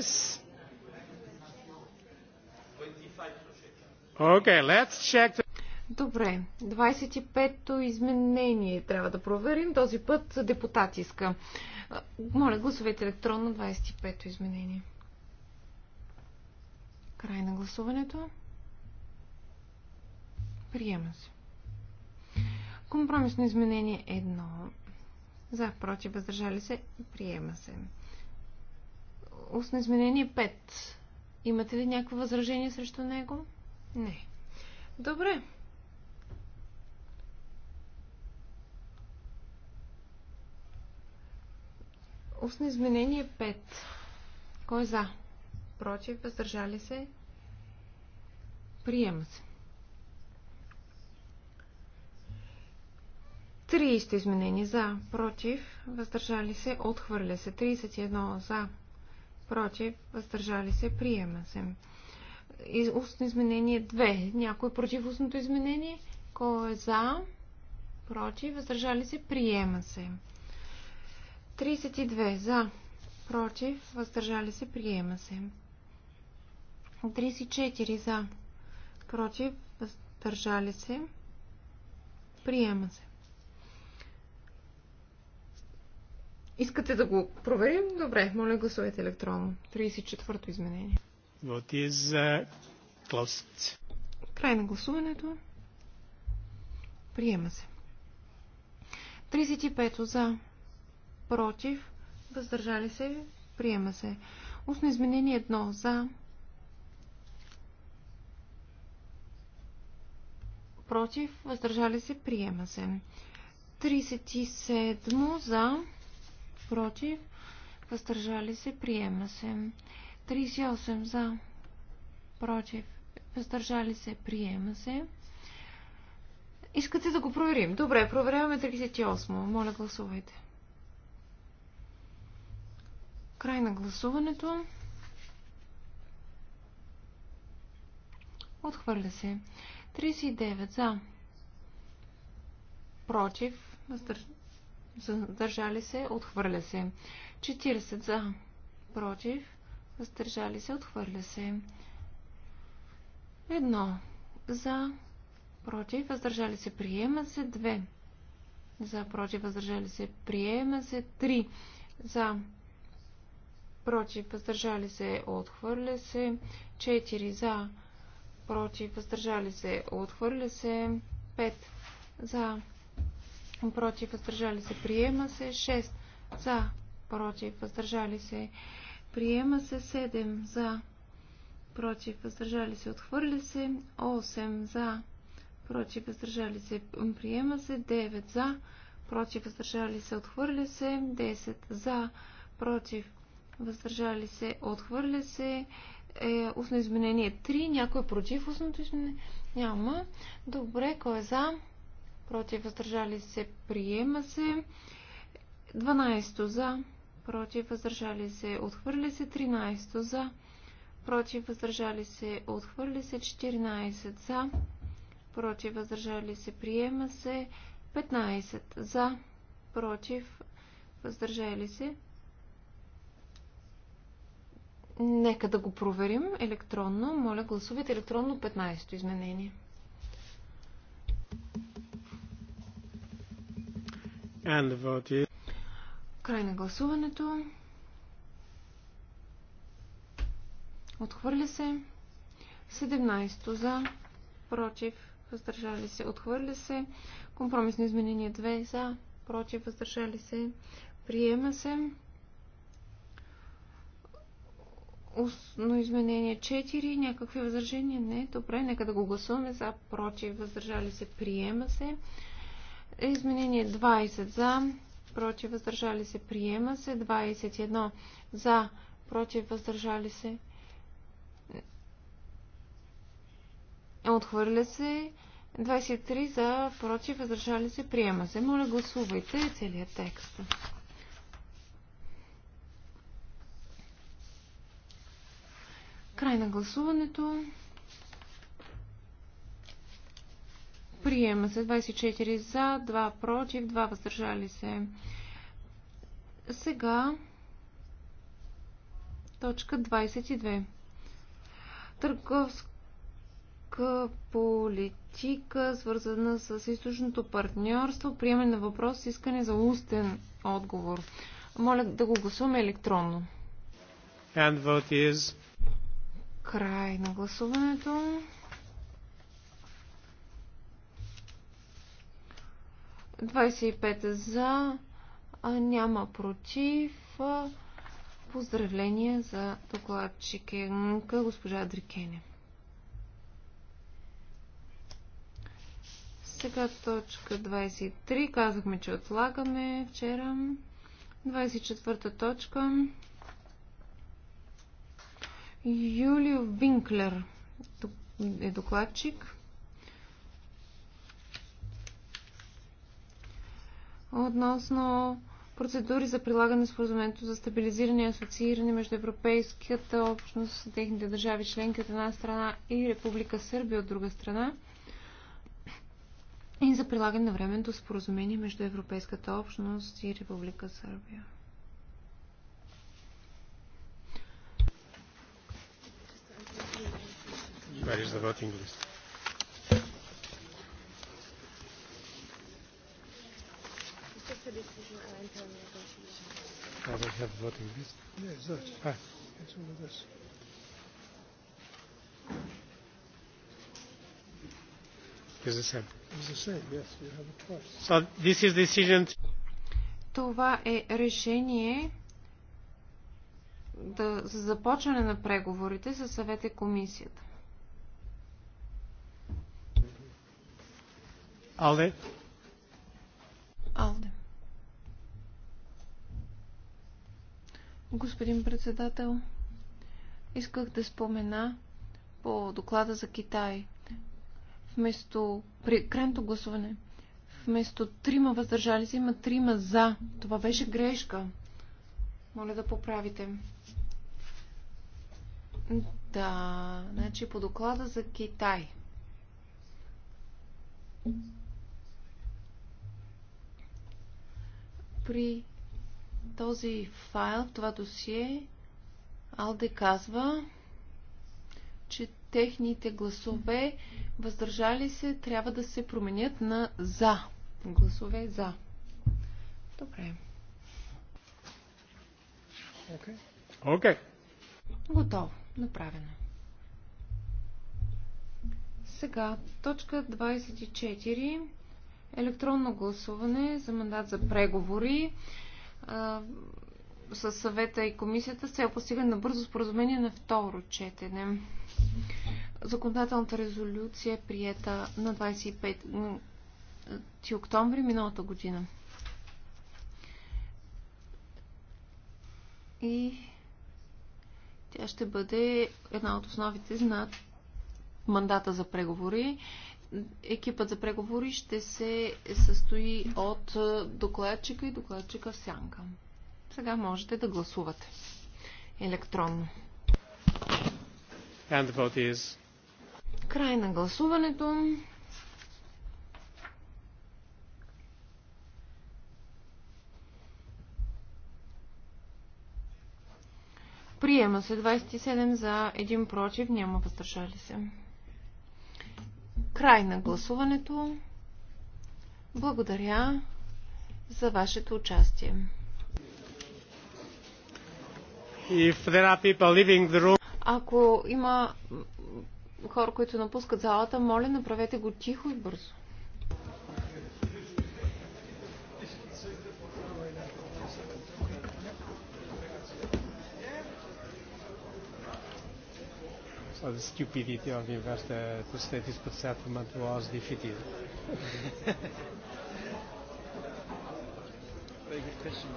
Okay, let's check the... Добре, 25-то изменение трябва да проверим. Този път депутат иска. Моля, гласовете електронно 25-то изменение. Край на гласуването. Приема се. Компромисно изменение 1. За, против, въздържали се. Приема се. Устно изменение 5. Имате ли някакво възражение срещу него? Не. Добре. Устно изменение 5. Кой е за? Против, въздържали се? Приема се. 30 изменени за, против, въздържали се, отхвърля се. 31 за, против, въздържали се, приема се. Из, устно изменение 2. Някой против устното изменение? Кой е за? Против, въздържали се, приема се. 32 за, против, въздържали се, приема се. 34 за, против, въздържали се, приема се. Искате да го проверим? Добре, моля гласувайте електронно. 34-то изменение. What is uh, closed? Край на гласуването. Приема се. 35 за. Против. Въздържали се. Приема се. Устно изменение 1 за. Против. Въздържали се. Приема се. 37 за против, въздържали се, приема се. 38 за, против, въздържали се, приема се. Искате да го проверим? Добре, проверяваме 38. Моля, гласувайте. Край на гласуването. Отхвърля се. 39 за. Против. Задържали се, отхвърля се. 40 за. Против. Въздържали се, отхвърля се. Едно. За. Против. Въздържали се, приема се. Две. За. Против. Въздържали се, приема се. Три. За. Против. Въздържали се, отхвърля се. Четири. За. Против. Въздържали се, отхвърля се. Пет. За против, въздържали се, приема се 6 за, против, въздържали се, приема се 7 за, против, въздържали се, отхвърли се 8 за, против, въздържали се, приема се 9 за, против, въздържали се, отхвърли се 10 за, против, въздържали се, отхвърли се е устно изменение 3, някой е против устното изменение? Няма. Добре, кой е за? против, въздържали се, приема се. 12 за, против, въздържали се, отхвърли се. 13 за, против, въздържали се, отхвърли се. 14 за, против, въздържали се, приема се. 15 за, против, въздържали се. Нека да го проверим електронно. Моля, гласувайте електронно 15-то изменение. Is... Край на гласуването. Отхвърля се. 17 за, против, въздържали се, отхвърля се. Компромисно изменение 2 за, против, въздържали се, приема се. Устно изменение 4, някакви възражения? Не, добре, нека да го гласуваме за, против, въздържали се, приема се. Изменение 20 за, против, въздържали се, приема се. 21 за, против, въздържали се, отхвърля се. 23 за, против, въздържали се, приема се. Моля, гласувайте целият текст. Край на гласуването. Приема се 24 за, 2 против, 2 въздържали се. Сега точка 22. Търговска политика, свързана с източното партньорство, приемане на въпрос с искане за устен отговор. Моля да го гласуваме електронно. And vote is... Край на гласуването. 25 за, а няма против. Поздравление за докладчика госпожа Дрикене. Сега точка 23. Казахме, че отлагаме вчера. 24-та точка. Юлио Винклер е докладчик. относно процедури за прилагане на споразумението за стабилизиране и асоцииране между Европейската общност и техните държави членки от една страна и Република Сърбия от друга страна и за прилагане на временното споразумение между Европейската общност и Република Сърбия. Where is the voting list? a decision on internal negotiations. I don't have a voting list. Yeah, it's that. Ah. It's all of this. It's the same. It's the same, yes. You have it twice. So this is decision... Това е решение да, за започване на преговорите със съвета и комисията. Але господин председател. Исках да спомена по доклада за Китай. Вместо при крайното гласуване, вместо трима въздържали се, има трима за. Това беше грешка. Моля да поправите. Да, значи по доклада за Китай. При този файл, това досие, Алде казва, че техните гласове въздържали се трябва да се променят на за. Гласове за. Добре. Окей. Okay. okay. Готово. Направено. Сега, точка 24. Електронно гласуване за мандат за преговори с съвета и комисията с цел постигане на бързо споразумение на второ четене. Законодателната резолюция е приета на 25 октомври миналата година. И тя ще бъде една от основите на мандата за преговори екипът за преговори ще се състои от докладчика и докладчика в сянка. Сега можете да гласувате електронно. And the vote is... Край на гласуването. Приема се 27 за 1 против, няма въздържали се. Край на гласуването. Благодаря за вашето участие. Room... Ако има хора, които напускат залата, моля, направете го тихо и бързо. or the stupidity of the investor to say this settlement was defeated. Very good question.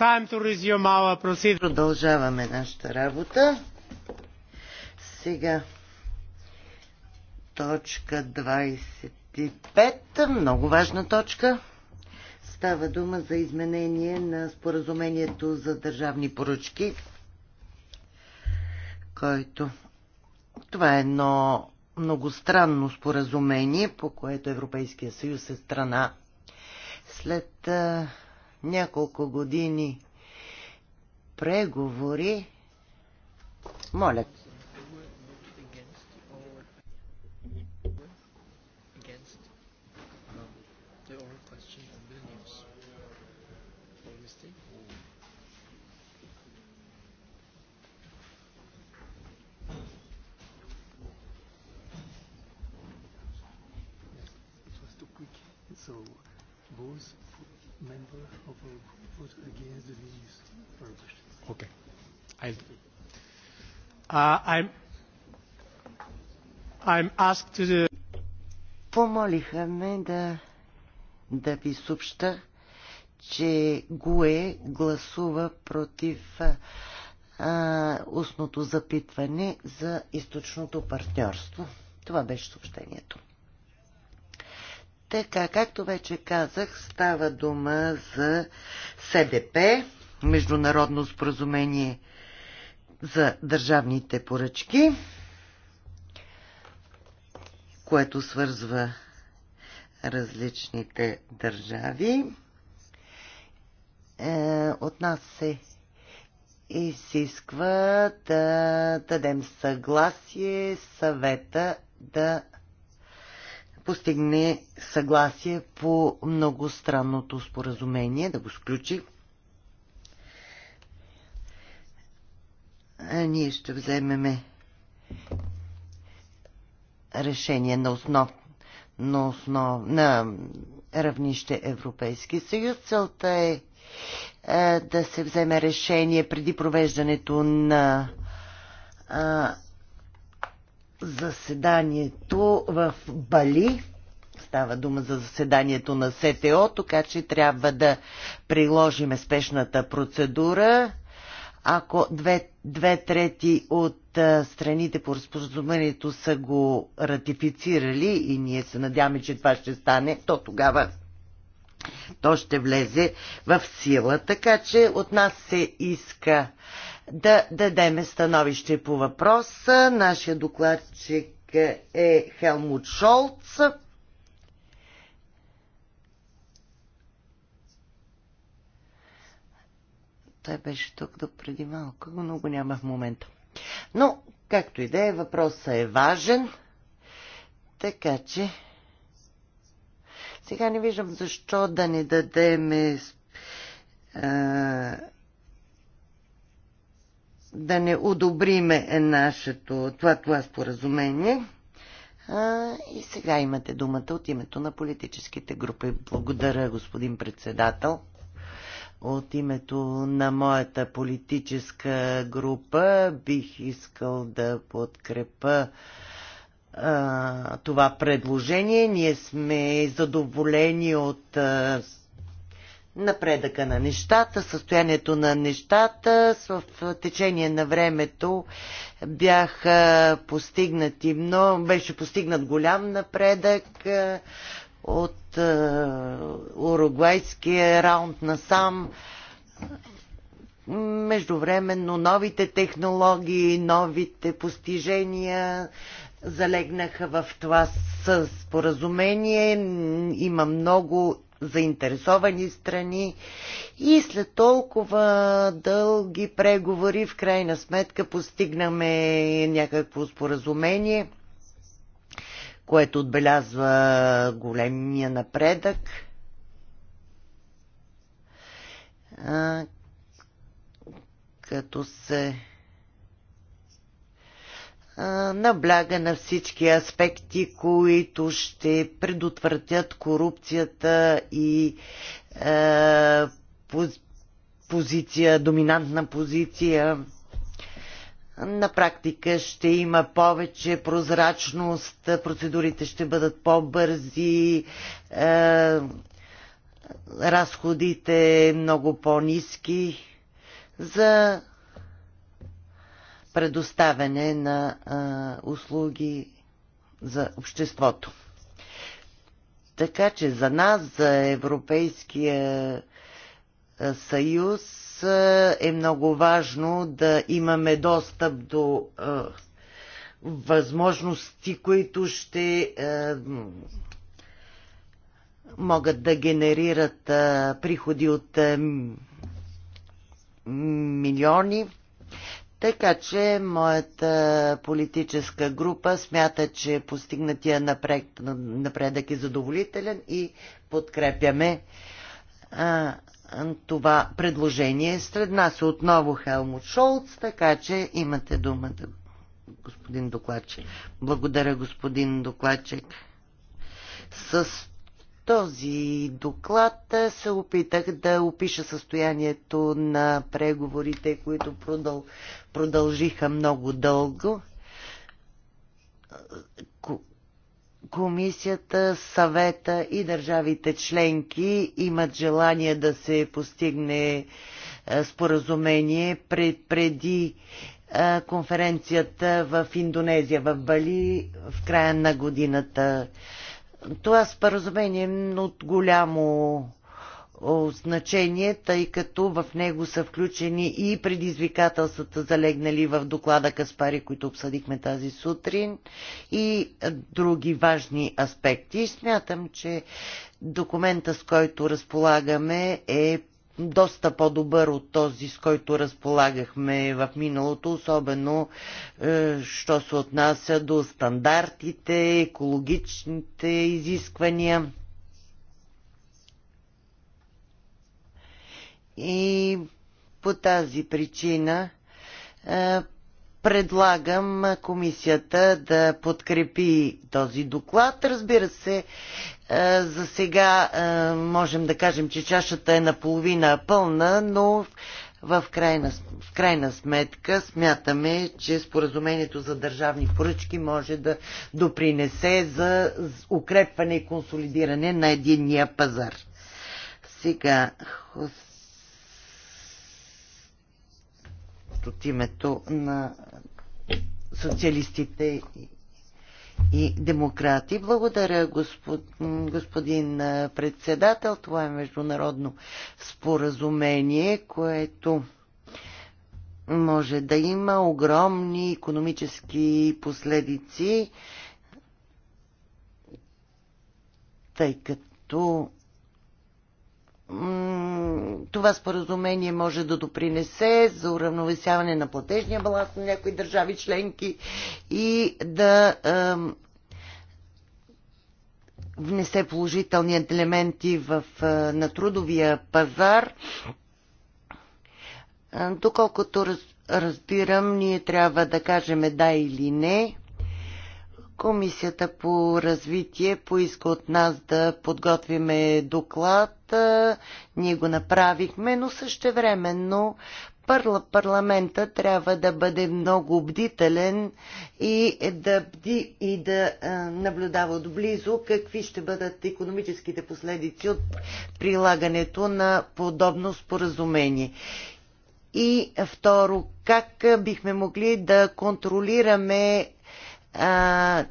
Продължаваме нашата работа. Сега точка 25, много важна точка. Става дума за изменение на споразумението за държавни поръчки, който това е едно многостранно споразумение, по което Европейския съюз е страна. След няколко години преговори, моля, Okay. I'll do. Uh, I'm, I'm asked to... Помолиха ме да, да ви съобща, че ГУЕ гласува против а, устното запитване за източното партньорство. Това беше съобщението. Така, както вече казах, става дума за СДП, Международно споразумение за държавните поръчки, което свързва различните държави. Е, от нас се изисква да дадем съгласие съвета да постигне съгласие по многостранното споразумение, да го сключи. А ние ще вземеме решение на основ, на, основ, на равнище Европейски съюз. Целта е, е да се вземе решение преди провеждането на заседанието в Бали. Става дума за заседанието на СТО, така че трябва да приложим спешната процедура. Ако две, две трети от а, страните по разпоразумението са го ратифицирали и ние се надяваме, че това ще стане, то тогава то ще влезе в сила. Така че от нас се иска да дадеме становище по въпроса. Нашия докладчик е Хелмут Шолц. Той беше тук до преди малко, но го няма в момента. Но, както и да е, въпросът е важен. Така че... Сега не виждам защо да не дадеме а, да не одобриме нашето, това, това споразумение. А, и сега имате думата от името на политическите групи. Благодаря, господин председател. От името на моята политическа група бих искал да подкрепа а, това предложение. Ние сме задоволени от а, напредъка на нещата, състоянието на нещата. В течение на времето бяха постигнати, но беше постигнат голям напредък е, от е, уругвайския раунд насам. Междувременно новите технологии, новите постижения залегнаха в това споразумение. Има много заинтересовани страни и след толкова дълги преговори в крайна сметка постигнаме някакво споразумение, което отбелязва големия напредък като се набляга на всички аспекти, които ще предотвратят корупцията и е, позиция, доминантна позиция. На практика ще има повече прозрачност, процедурите ще бъдат по-бързи, е, разходите много по-низки за предоставяне на а, услуги за обществото. Така че за нас, за Европейския съюз, е много важно да имаме достъп до е, възможности, които ще е, могат да генерират е, приходи от е, милиони. Така че моята политическа група смята, че постигнатия напред, напредък е задоволителен и подкрепяме а, това предложение. Сред нас е отново Хелмут Шолц, така че имате думата, господин докладчик. Благодаря, господин докладчик. С този доклад се опитах да опиша състоянието на преговорите, които продъл... продължиха много дълго. Комисията, съвета и държавите членки имат желание да се постигне споразумение пред, преди конференцията в Индонезия, в Бали, в края на годината това споразумение е от голямо значение, тъй като в него са включени и предизвикателствата, залегнали в доклада Каспари, които обсъдихме тази сутрин, и други важни аспекти. Смятам, че документа, с който разполагаме, е доста по-добър от този, с който разполагахме в миналото, особено е, що се отнася до стандартите, екологичните изисквания. И по тази причина е, предлагам комисията да подкрепи този доклад. Разбира се, е, за сега е, можем да кажем, че чашата е наполовина пълна, но в крайна, в крайна сметка смятаме, че споразумението за държавни поръчки може да допринесе за укрепване и консолидиране на единния пазар. Сега, Хос... от името на социалистите и демократи. Благодаря, господ, господин председател. Това е международно споразумение, което може да има огромни економически последици, тъй като това споразумение може да допринесе за уравновесяване на платежния баланс на някои държави членки и да е, внесе положителни елементи в, на трудовия пазар. Доколкото разбирам, ние трябва да кажем да или не Комисията по развитие поиска от нас да подготвиме доклад. Ние го направихме, но същевременно парла, парламента трябва да бъде много бдителен и да бди и да а, наблюдава отблизо какви ще бъдат економическите последици от прилагането на подобно споразумение. И второ, как бихме могли да контролираме а,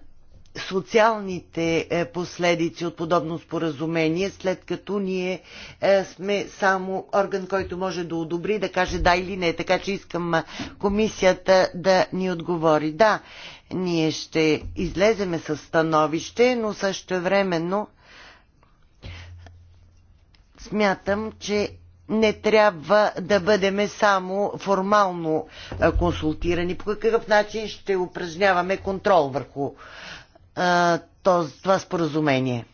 социалните е, последици от подобно споразумение, след като ние е, сме само орган, който може да одобри, да каже да или не. Така че искам комисията да ни отговори. Да, ние ще излеземе с становище, но също времено смятам, че не трябва да бъдем само формално консултирани. По какъв начин ще упражняваме контрол върху а, това споразумение?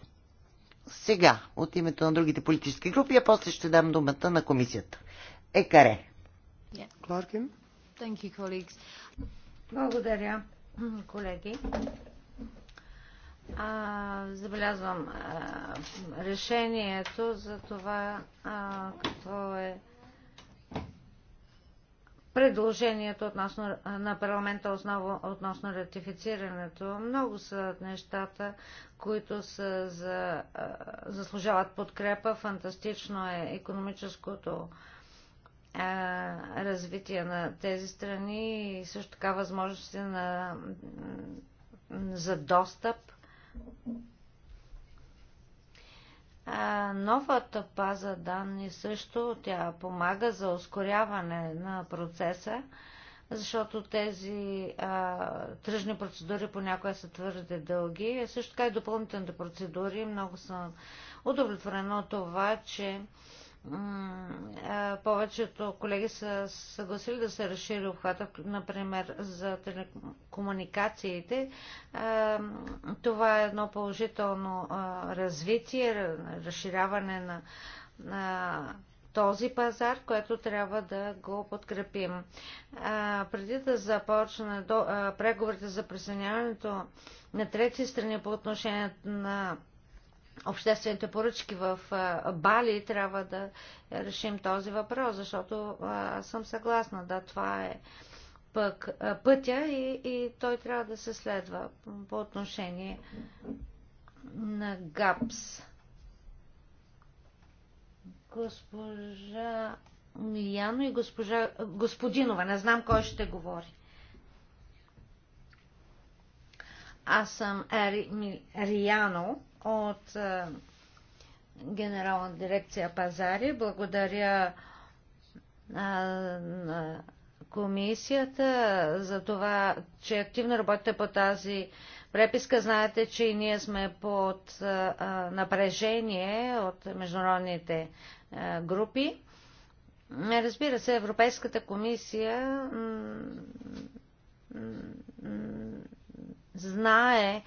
Сега, от името на другите политически групи, а после ще дам думата на комисията. Екаре. Yeah. Благодаря, колеги а, забелязвам а, решението за това а, какво е предложението относно, на парламента основа относно ратифицирането. Много са нещата, които са за, а, заслужават подкрепа. Фантастично е економическото а, развитие на тези страни и също така възможности на, за достъп а, новата база данни също тя помага за ускоряване на процеса, защото тези а, тръжни процедури понякога са твърде дълги. А също така и допълнителните процедури. Много съм удовлетворена от това, че а, повечето колеги са съгласили да се разшири обхвата, например за телекомуникациите. Това е едно положително развитие, разширяване на, този пазар, което трябва да го подкрепим. А, преди да започне до, а, преговорите за присъединяването на трети страни по отношение на обществените поръчки в Бали, трябва да решим този въпрос, защото аз съм съгласна, да, това е пък пътя и, и той трябва да се следва по отношение на ГАПС. Госпожа Милияно и госпожа Господинова, не знам кой ще говори. Аз съм Ери Милияно от е, Генерална дирекция пазари. Благодаря е, на комисията за това, че активно работите по тази преписка. Знаете, че и ние сме под е, напрежение от международните групи. Разбира се, Европейската комисия знае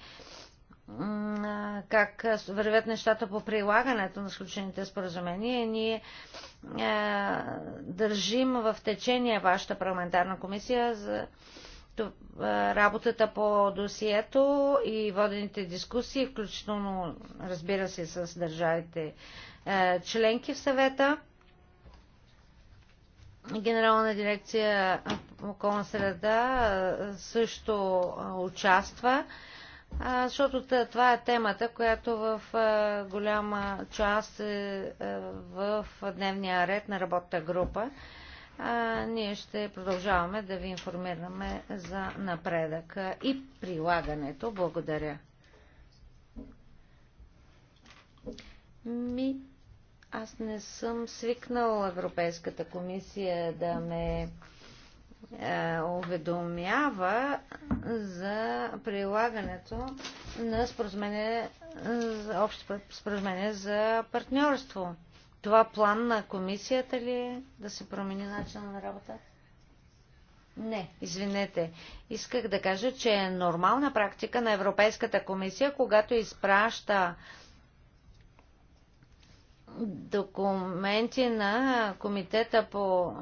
как вървят нещата по прилагането на сключените споразумения. Ние държим в течение вашата парламентарна комисия за работата по досието и водените дискусии, включително, разбира се, с държавите членки в съвета. Генерална дирекция околна среда също участва защото това е темата, която в голяма част е, е в дневния ред на работната група. Ние ще продължаваме да ви информираме за напредък и прилагането. Благодаря. Ми, аз не съм свикнала Европейската комисия да ме е, уведомява за прилагането на споразумение, общо споразумение за партньорство. Това план на комисията ли е да се промени начина на работа? Не, извинете. Исках да кажа, че е нормална практика на Европейската комисия, когато изпраща документи на комитета по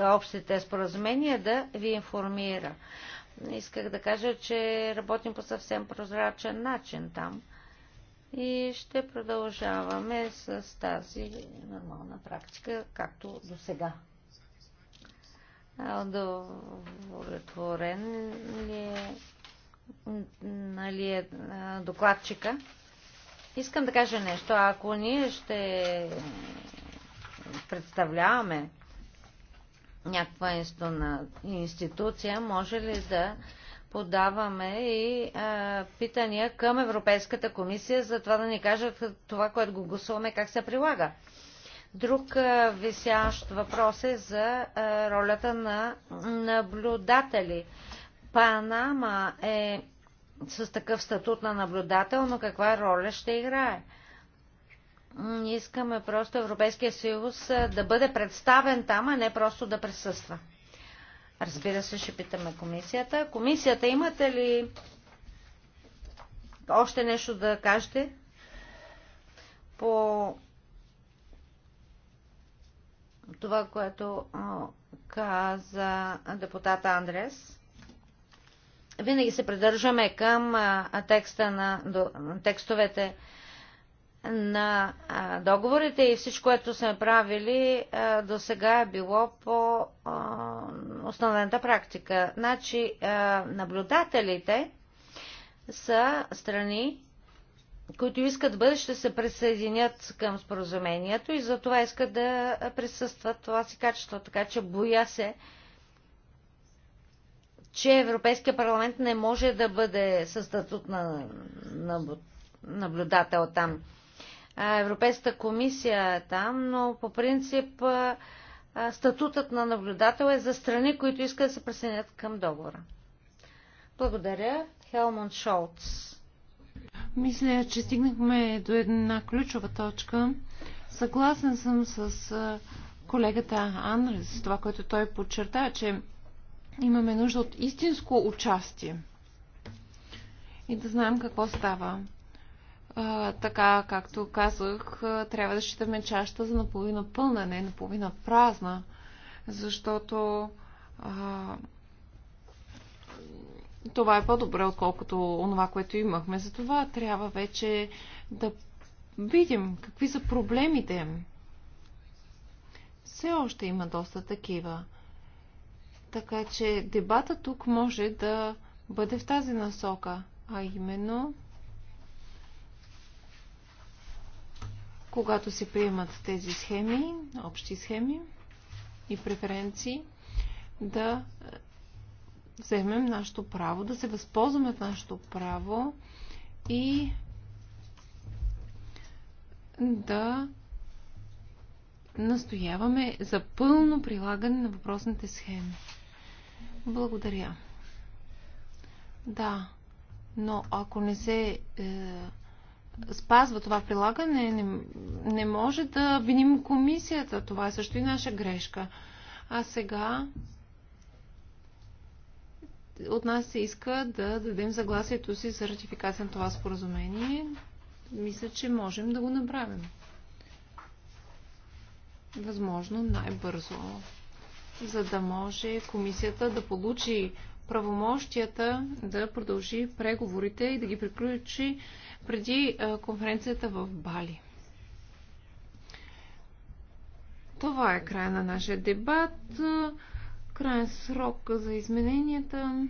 общите споразумения, да ви информира. Исках да кажа, че работим по съвсем прозрачен начин там и ще продължаваме с тази нормална практика, както до сега. Удовлетворен ли е, нали е докладчика? Искам да кажа нещо. Ако ние ще представляваме някаква институция, може ли да подаваме и а, питания към Европейската комисия за това да ни кажат това, което го гласуваме, как се прилага. Друг а, висящ въпрос е за а, ролята на наблюдатели. Панама е с такъв статут на наблюдател, но каква роля ще играе? Искаме просто Европейския съюз да бъде представен там, а не просто да присъства. Разбира се, ще питаме комисията. Комисията, имате ли още нещо да кажете по това, което каза депутата Андрес? Винаги се придържаме към текста на, текстовете на договорите и всичко, което сме правили до сега е било по основната практика. Значи, наблюдателите са страни, които искат бъдеще да се присъединят към споразумението и за това искат да присъстват това си качество. Така че боя се, че Европейския парламент не може да бъде със статут на, на наблюдател там. Европейската комисия е там, но по принцип статутът на наблюдател е за страни, които искат да се присъединят към договора. Благодаря. Хелмон Шолц. Мисля, че стигнахме до една ключова точка. Съгласен съм с колегата Анрес, това, което той подчерта, че имаме нужда от истинско участие и да знаем какво става а, така, както казах, трябва да считаме чашата за наполовина пълна, не наполовина празна, защото а, това е по-добре, отколкото онова, което имахме. Затова трябва вече да видим какви са проблемите. Все още има доста такива. Така че дебата тук може да бъде в тази насока, а именно когато се приемат тези схеми, общи схеми и преференции, да е, вземем нашето право, да се възползваме от нашето право и да настояваме за пълно прилагане на въпросните схеми. Благодаря. Да, но ако не се е, спазва това прилагане, не, не може да виним комисията. Това е също и наша грешка. А сега от нас се иска да дадем съгласието си за ратификация на това споразумение. Мисля, че можем да го направим. Възможно най-бързо, за да може комисията да получи правомощията да продължи преговорите и да ги приключи преди конференцията в Бали. Това е края на нашия дебат. Крайен срок за измененията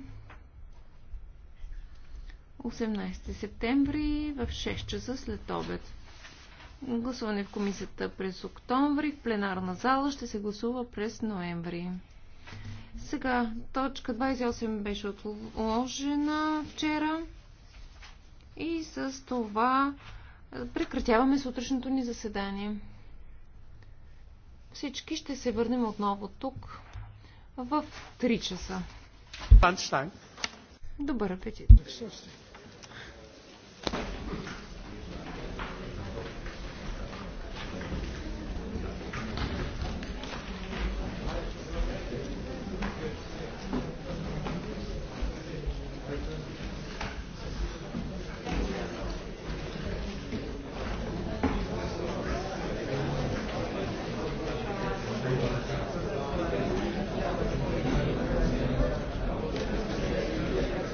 18 септември в 6 часа след обед. Гласуване в комисията през октомври, в пленарна зала ще се гласува през ноември. Сега точка 28 беше отложена вчера. И с това прекратяваме сутрешното ни заседание. Всички ще се върнем отново тук в 3 часа. Добър апетит!